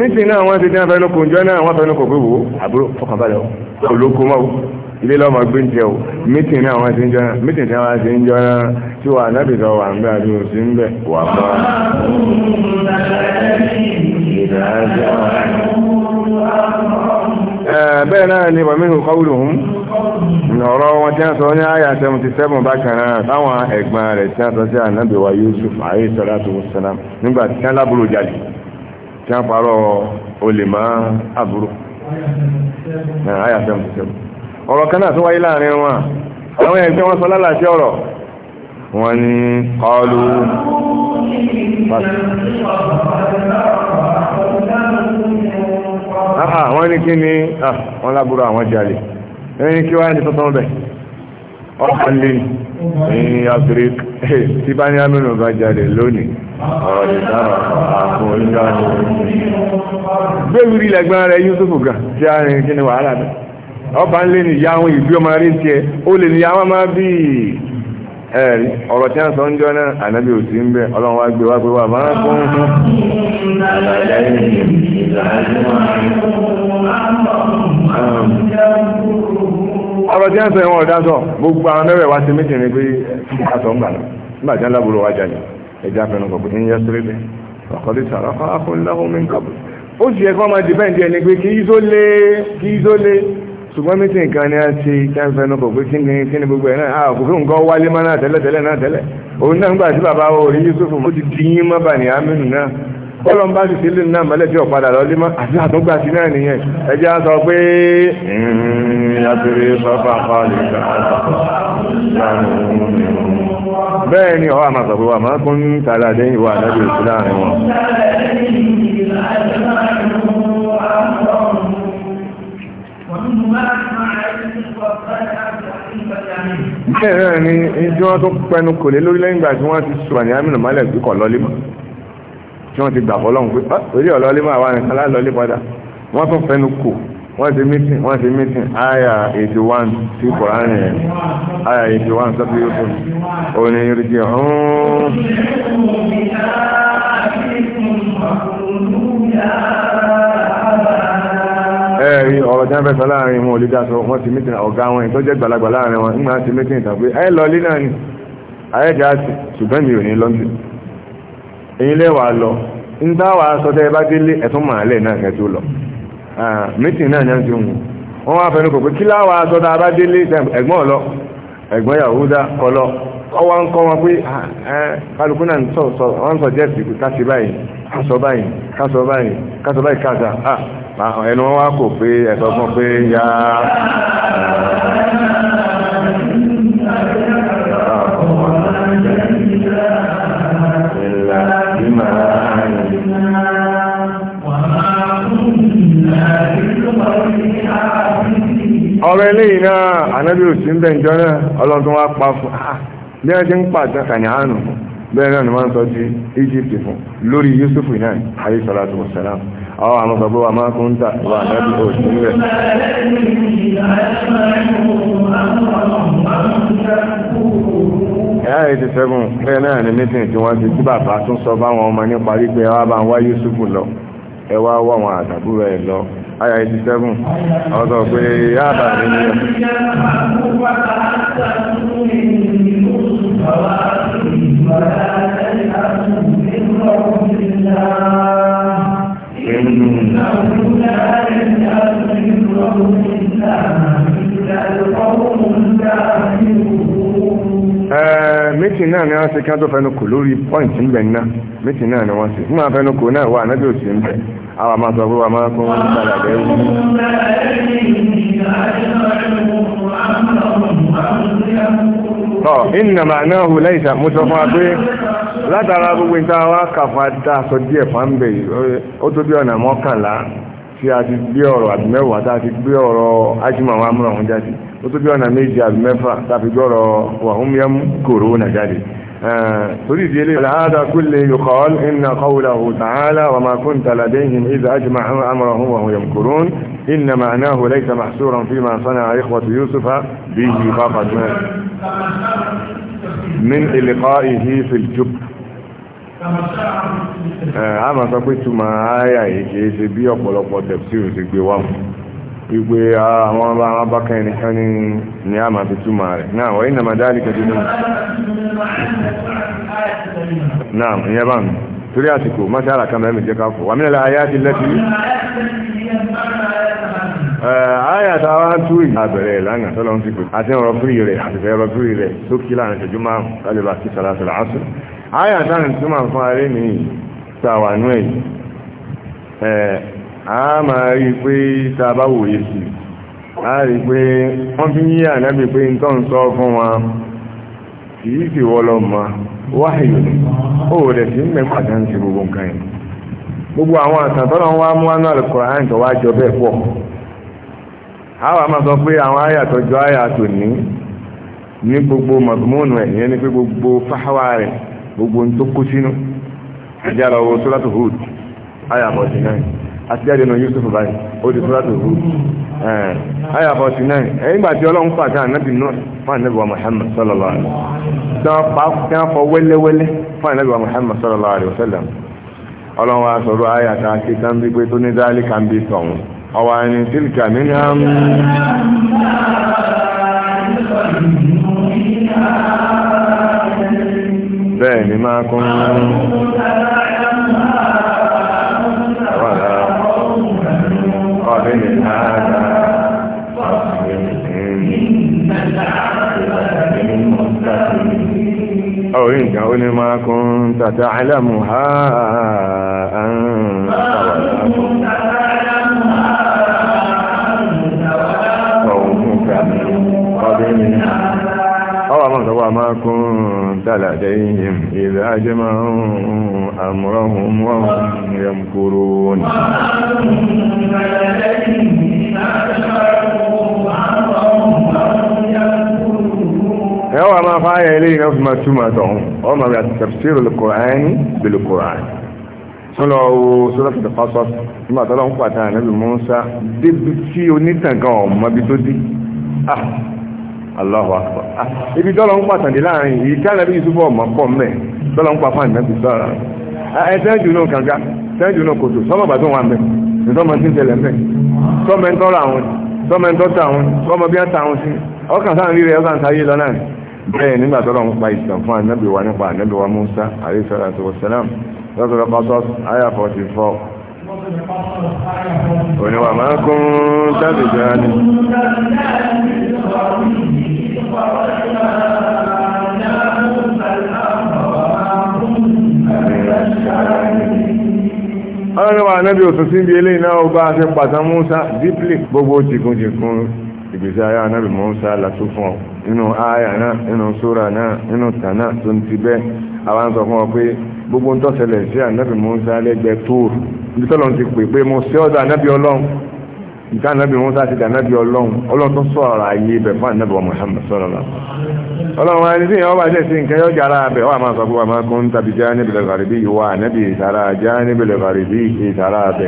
mítì náà wọ́n ti dín afẹnukò njọ́ náà wọ́n afẹnukò pé wò ó àbúrò fọkànbalẹ̀ ó olóko máa wò ilé lọ́mọ gbé ń jẹ o mítì náà wọ́n ti ń jọ náà mítì náà wọ́n ti ń jọ náà tí wà nábìtọ̀ wà ń bẹ́ àti òsì ń bẹ̀ wà fọ́. bẹ́ẹ̀ náà ni wàmí ìhùkọ́wùlù hùn ọ̀rọ̀ wọn tí a sọ ní àyà 77 bákan náà táwọn ẹ̀gbọ́n rẹ̀ tí a sọ sí ànábìwá Yusuf àyè sọ́lá tó sẹ́lá nígbà tí a lábúrò jáde tí wọ́n parọ́ olè má àbúrò àyà 77 ọ̀rọ̀ kan náà tó wáyé láàrin wọn àwọn ẹgbẹ́ wọn sọ lálàáṣẹ́ ọ̀rọ̀ wọ́n ní kọlu wọ́n ní kí ni ah, wọ́n lábúrò àwọn jalè ẹni kí wáyé ní tọ́tọ́ bẹ̀ ọkàn lé ní Áfíríkà tí bá ní amínú bá jáde lónìí ọ̀rọ̀ ìdára rẹ̀ yusufu gan tí a rìn kí ni wàhálà náà ọba ń lé ní ìyá àwọn ìbí ọmọ rí tiẹ̀ ó lè ní ìyá wọn máa bí ẹ̀rí ọ̀rọ̀ tí a sọ ń jọ ọ̀rọ̀ tí wọ́n sọ ìwọ̀n ọ̀dá sọ gbogbo àwọn mẹ́rẹ̀ wá sí mítìrì pé àtọ̀ ń gbà lọ nígbà tí wọ́n lábúrò wá jáde ẹja fẹnu kọ̀ pé ń yẹ sírí pé ọ̀kọ́lé sàrọ̀ kọ́ afúnláhùn mi ń kọ̀bù ó sì yẹ kí máa dìbẹ́ǹdì ẹni pé kí ízó lé kí ízó lé ṣùgbọ́n mítìrì kan ni a ṣe kí wọ́n fẹnu kọ̀ pé kíni kíni gbogbo ẹ̀ náà àkókò fún nǹkan wálé má náà tẹ́lẹ̀ tẹ́lẹ̀ náà tẹ́lẹ̀ òun náà ń gbà sí bàbá orí Yusuf ó bọ́lọ̀n bá ti fi lè náà mọ́lẹ̀ tí ó padà lọ límọ́ àti àtúgbà sí náà nìyẹn ẹjẹ́ á sọ pé ìrìnàtìrí sọ́fà pàálì bẹ́ẹ̀ ìjọ́ tó pẹnu kò lé lórí ìgbà tí wọ́n ti sùwà ní àmì nàmálẹ̀ kíkọ̀ lọ́lé mọ́ tí wọ́n ti gbà fọ́lọ́hun pé ah, orí ọ̀lọ́lé máa wà nìkan lálọ́lé padà wọ́n tún fẹ́nu kò wọ́n ti mítìn wọ́n ti mítìn àyà 81 tí kòránì ẹ̀ àyà 81 sọ́tí yóò fún òní ìrìjì ọ̀hún ẹ̀rí ọ̀rọ̀ tí wọ́n fẹ́ sọ láàrin wọn olídásọ wọ́n ti mítìn ọ̀gá wọn tó jẹ́ gbàlagbà láàrin wọn nígbà ti mítìn ìtàgbé ẹ lọ lé náà ni ayẹ́jà ṣùgbọ́n mi ò ní lọ́ndì èyí wa lọ nígbà wà á sọ tẹ́ bá délé ẹ̀tún màálẹ̀ náà kẹ́ tó lọ mítì náà ní ọjọ́ òun wọ́n wá fẹ́nu kò pé kí sọ bá délé ẹ̀gbọ́n ẹ̀gbọ́n Yahuda kọlọ ọwọ́ ń kọ́ wọn pé kálukú náà wọ́n sọ jẹ́ báyìí báyìí báyìí báyìí ẹnu wọn wá kò pé pé yá. ọrọ eléyìí náà ànábì òsì ń bẹ̀ ǹjọ́ náà ọlọ́dún wa pa fún ah, bí wọ́n ti ń pàdán kànyàánù bẹ́ẹ̀ náà fún lórí Yusuf náà ayé tó sẹ́lá àwọn àwọn sọ pé wà máa kún tà wà ànábì òsì ń bẹ̀. ẹ̀yà eighty seven bẹ́ẹ̀ náà ni tí wọ́n ti Yusuf lọ ẹ wá àwọn lọ àyà 87 ọ̀sọ̀ pé yáàbà ní ìyá Thank you. mítìn naa ni wọ́n ṣe ká tó fẹnu kò lórí pọ́ǹtì ńbẹ̀ ńná mítìn náà ni wọ́n ṣe fún àfẹnu kò náà wà ànábì òsì ńbẹ̀ àwọn sọ pé máa wọn wù. màá náà hù lẹ́yìn sọ fún wa pé látara gbogbo wa díẹ̀ ó tó bí ọ̀nà mọ́kànlá tí a ti gbé ọ̀rọ̀ àbí mẹ́wàá a ti gbé ọ̀rọ̀ ájúmọ̀ وتبيانا ميجي المفا تفجر وهم يمكرون جدي تريد على هذا كل يقال إن قوله تعالى وما كنت لديهم إذا أجمعوا أمرهم وهم يمكرون إن معناه ليس محصورا فيما صنع إخوة يوسف به فقط من إلقائه في الجب أما تقول ثم آية كيف يبقى لقد تفسير سيكون wípé ah, àwọn ọba àwọn bákan ẹnìkan ní ní a máa fi túmọ̀ rẹ̀ náà wọ́n iná màdáàlì kẹjọ náà náà ìyẹn bá mi torí àsìkò mọ́sára kan mẹ́rin jẹ́ ká fò wà mílẹ̀ ayá ti lẹ́tí eh, ayà tá a wá tú a bẹ̀rẹ̀ lánàá tọ́lọ́ ń ti pè àti ọ̀rọ̀ fúri rẹ̀ àti fẹ́ ọ̀rọ̀ fúri rẹ̀ tó kí láàrin ìṣẹ́jú márùn-ún kálíbà sí sàlásàlá àṣù ayà táà ń túmọ̀ fún aré mi tàwa a máa rí pé tàbá wòye sí a rí pé wọ́n fi yí ànábì pé ń tọ́n sọ fún wa sì ma wáyé ó rẹ̀ sí gbogbo nǹkan yìí gbogbo àwọn àtàn tọ́nà wá mú wá náà tó wá jọ bẹ́ẹ̀ pọ̀ a wà máa sọ gbogbo gbogbo rẹ̀ gbogbo ń tó kú àti jáde nà Yusuf báyìí ó di sọ́dọ̀ òhù ayà 49 ẹ̀yìngbà tí ọlọ́run pàtà ànábì náà fún ànábì wa Muhammad sallallahu alaihi wasallam tí wọ́n fọ wẹ́lẹ́wẹ́lẹ́ fún ànábì wa Muhammad sallallahu alaihi wasallam ọlọ́run wa sọ̀rọ̀ ayà tá a ké tán bí pé tó ní dáálí kan bí sọ̀hún ọwọ́ àní tílkà bẹ́ẹ̀ ni máa kún un ستعلمها تعلمها أنت قومك من قبلها أو وما كنت لديهم إذا أجمعوا أمرهم وهم يمكرون ọwọ́ àmà fáyà ilé iná fún matúmọ̀ tọ̀hún ọwọ́ màá yà tafsirul Qur'ani bil Qur'ani sọlọ wo sọlọ fi tẹ̀fà sọ nígbà tọ́lọ́ ń pàtàkì ànábì Mùsá débi tí onítàngàn ọ̀mọ́ bí tó dé ah Allahu akbar ah ibi tọ́lọ́ ń pàtàkì láàrin yìí tí ànábì Yúsúfù ọ̀mọ́ pọ̀ mẹ́ tọ́lọ́ ń pa fún ànábì sọ́ra ah! ẹ tẹ́jú náà kànga tẹ́jú náà kòtò sọ́mọ̀ bàtọ́ wà mẹ́ ìtọ́mọ̀ tí ń tẹ̀lẹ̀ mẹ́ sọ́mọ̀ ń tọ́ra àwọn sọ́mọ̀ ń tọ́ta àwọn sọ́mọ̀ bí wọ́n ta àwọn sí ọkàn sáà ń rí rẹ̀ ọkàn sáà yé lọ náà bẹ́ẹ̀ nígbà tọ́lọ̀ ń pa ìtàn fún ànábì wa nípa ànábì wa Musa alayhi salatu wassalam lọ́sọ̀rọ̀ Qasas àyà 44 oníwà máa kún tàbí jáde ọlọ́rọ̀wà anábì òsùn sí ibi ilé iná ọba àti pàtàkì Musa díplì gbogbo tìkún tìkún ìgbésí ayé anábì Musa látún fún ọ nínú àyà na nínú sura na nínú tana tó ń ti bẹ́ẹ̀ àwọn sọ fún ọ pé gbogbo ń tọ́sẹ̀lẹ̀ sí ànábì Mùsá lẹ́gbẹ̀ẹ́ tóòrù nítorí ti pè pé mo ṣe ọ́dọ̀ ànábì ọlọ́run nǹkan ànábì wọn sáà ti dà ànábì ọlọ́run ọlọ́run tó sọ ọ̀rọ̀ ayé ibẹ̀ fún ànábì wa Muhammad sallallahu ọlọ́run wa ní ọba jẹ́ sí nǹkan yọjà ara abẹ ọ àmà sọ fún wa máa kún tàbí janibil gharibi ìwà ànábì ìsàrà janibil gharibi ìsàrà abẹ.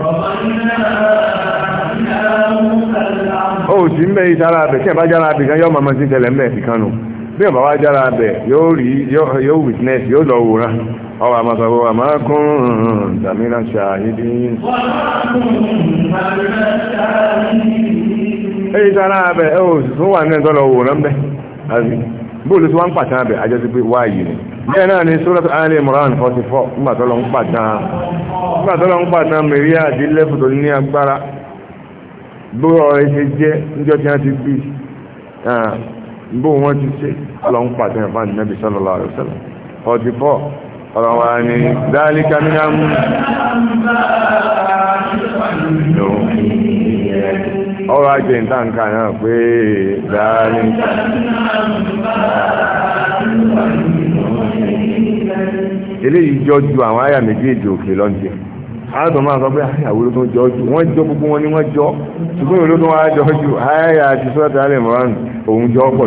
ó sì ń bẹ ìsàrà abẹ tí ìbá jára abẹ kan yọ màmá sí tẹlẹ ń bẹ ìkànnù bí ìbá wa jára abẹ yóò rí yóò witness yóò lọ wòran ọwà àmàsàwò àmàkùn tàmínà ṣàhídí èyí tààrà abẹ ẹ tó wà ní ẹ̀tọ́lọ òwòrán bẹ bóòlù tí wọ́n ń pàtàkì abẹ ajẹ́ pé wáyé ni ní agbára bóòrọ̀ wọn ti ṣe ọlọ́ pàtàkì àbáyé Nabi sallallahu 44 ọ̀rọ̀ wa ni dáálíkà mínà ajé ń tàǹkà náà pé eléyìí jọ ju àwọn àyà méjèèjì òkè lọ́njẹ́ àádọ́ máa sọ pé àyàwó ló tún jọ jù wọ́n jọ gbogbo wọn ni wọ́n jọ ṣùgbọ́n ìlú tó wá jọ àyà àti alẹ́ òun jọ pọ̀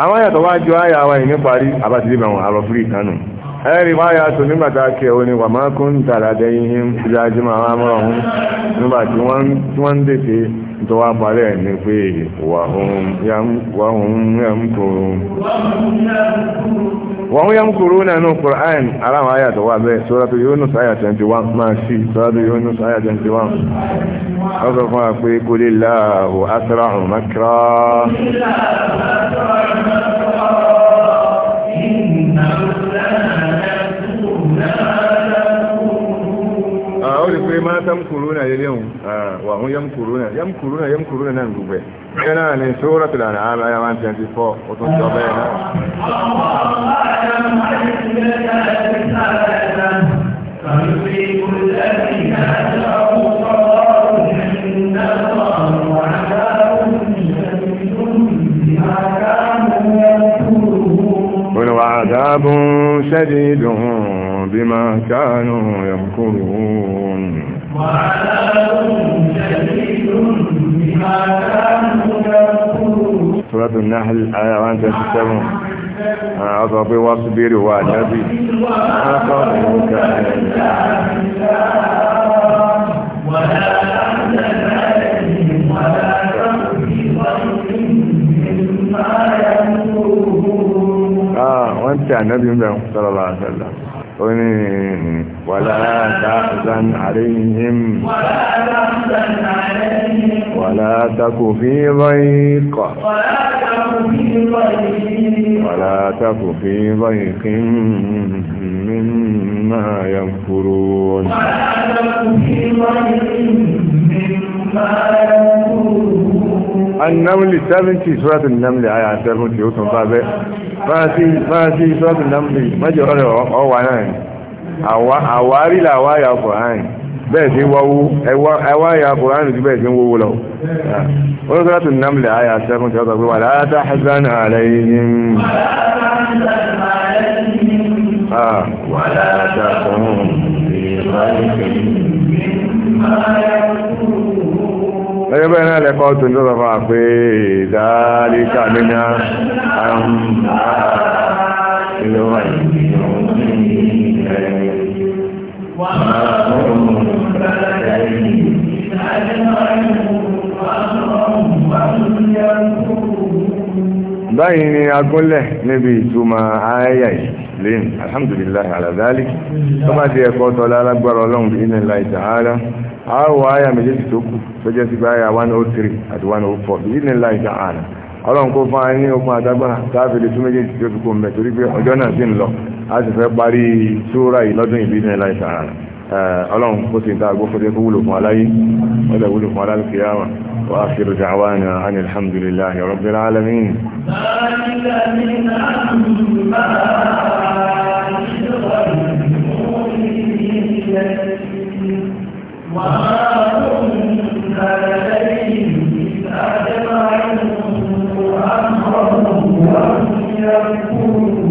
àwọn ayàtọ̀ wá jọ ayà wa ìní parí àbátìlébà wọn àlọ́fírí kanù ẹ̀rì máa yà tó nígbàtà kí ẹ̀wọ́ ni wà máa kó ń tàràdẹ ihe ń fi ajé máa wá mọ́ ọ̀hún nígbà tí wọ́n ń dètè tó wá parẹ́ ní pé wàhún yam kúrú nínú Qur'an aláwọ̀ ayà tó wà bẹ́ẹ̀ Suratu Yunus ayà 21 máa sí Suratu Yunus ayà 21 تمكرون اليوم آه، وهم يمكرون يمكرون يمكرون ان نعم، نغب كان من سوره الانعام ايه 24 وتنصب هنا عذاب شديد بما كانوا يمكرون سورة النحل آية 137 أعطى واصبر ونبي أعطوك ولا تحزن عليهم ولا تك في ضيق مما يمكرون آه وأنت النبي صلى الله عليه وسلم ولا تحزن عليهم ولا تحزن عليهم ولا تك في ضيق ولا تك في ضيق ولا تك في ضيق مما ينفرون ولا تك في ضيق مما النمل 70 سورة النمل آية 70 يوسف بابه ما في ما في سورة النمل ما جرى أو عنان àwárí làwá ya kùránì bẹ́ẹ̀ sí wọ́wú ẹwà ya kùránì tí bẹ́ẹ̀ sí wọ́wú lọ wọ́n sọ́rọ̀ tún námlẹ̀ àyà sẹ́kùn tí ó sọ pé wà látà hasan alayhim wà látà kùn lẹ́yìn bẹ́ẹ̀ náà lẹ́kọ́ tún tó sọ fún wa báyìí ni agúnlẹ̀ níbi ìtumọ̀ ayáyà yìí lẹ́yìn alhamdulillah ala dhalik tó bá ti ẹ̀kọ́ tọ́lá alágbára ọlọ́run bí ilẹ̀ láì tààrà àwọ̀ ayà méjèèjì tó kù tó jẹ́ sí pé ayà 103 àti 104 bí ilẹ̀ láì tààrà ọlọ́run kó fún wa ní ogun àdágbára káàfi lè tún méjèèjì tó fi kó mẹ́ torí pé ọjọ́ náà sì ń lọ a sì fẹ́ parí sóra yìí lọ́dún ìbí ní láì sàrà ọlọ́run kó sì ń ta àgbó fọ́jẹ́ kó wúlò fún aláyé wọ́n lè wúlò fún aláyé kìyàwó wa akhiru da'wana ani alhamdulillahi rabbil alamin وما كنا لديهم إذ أنفسهم وإياكم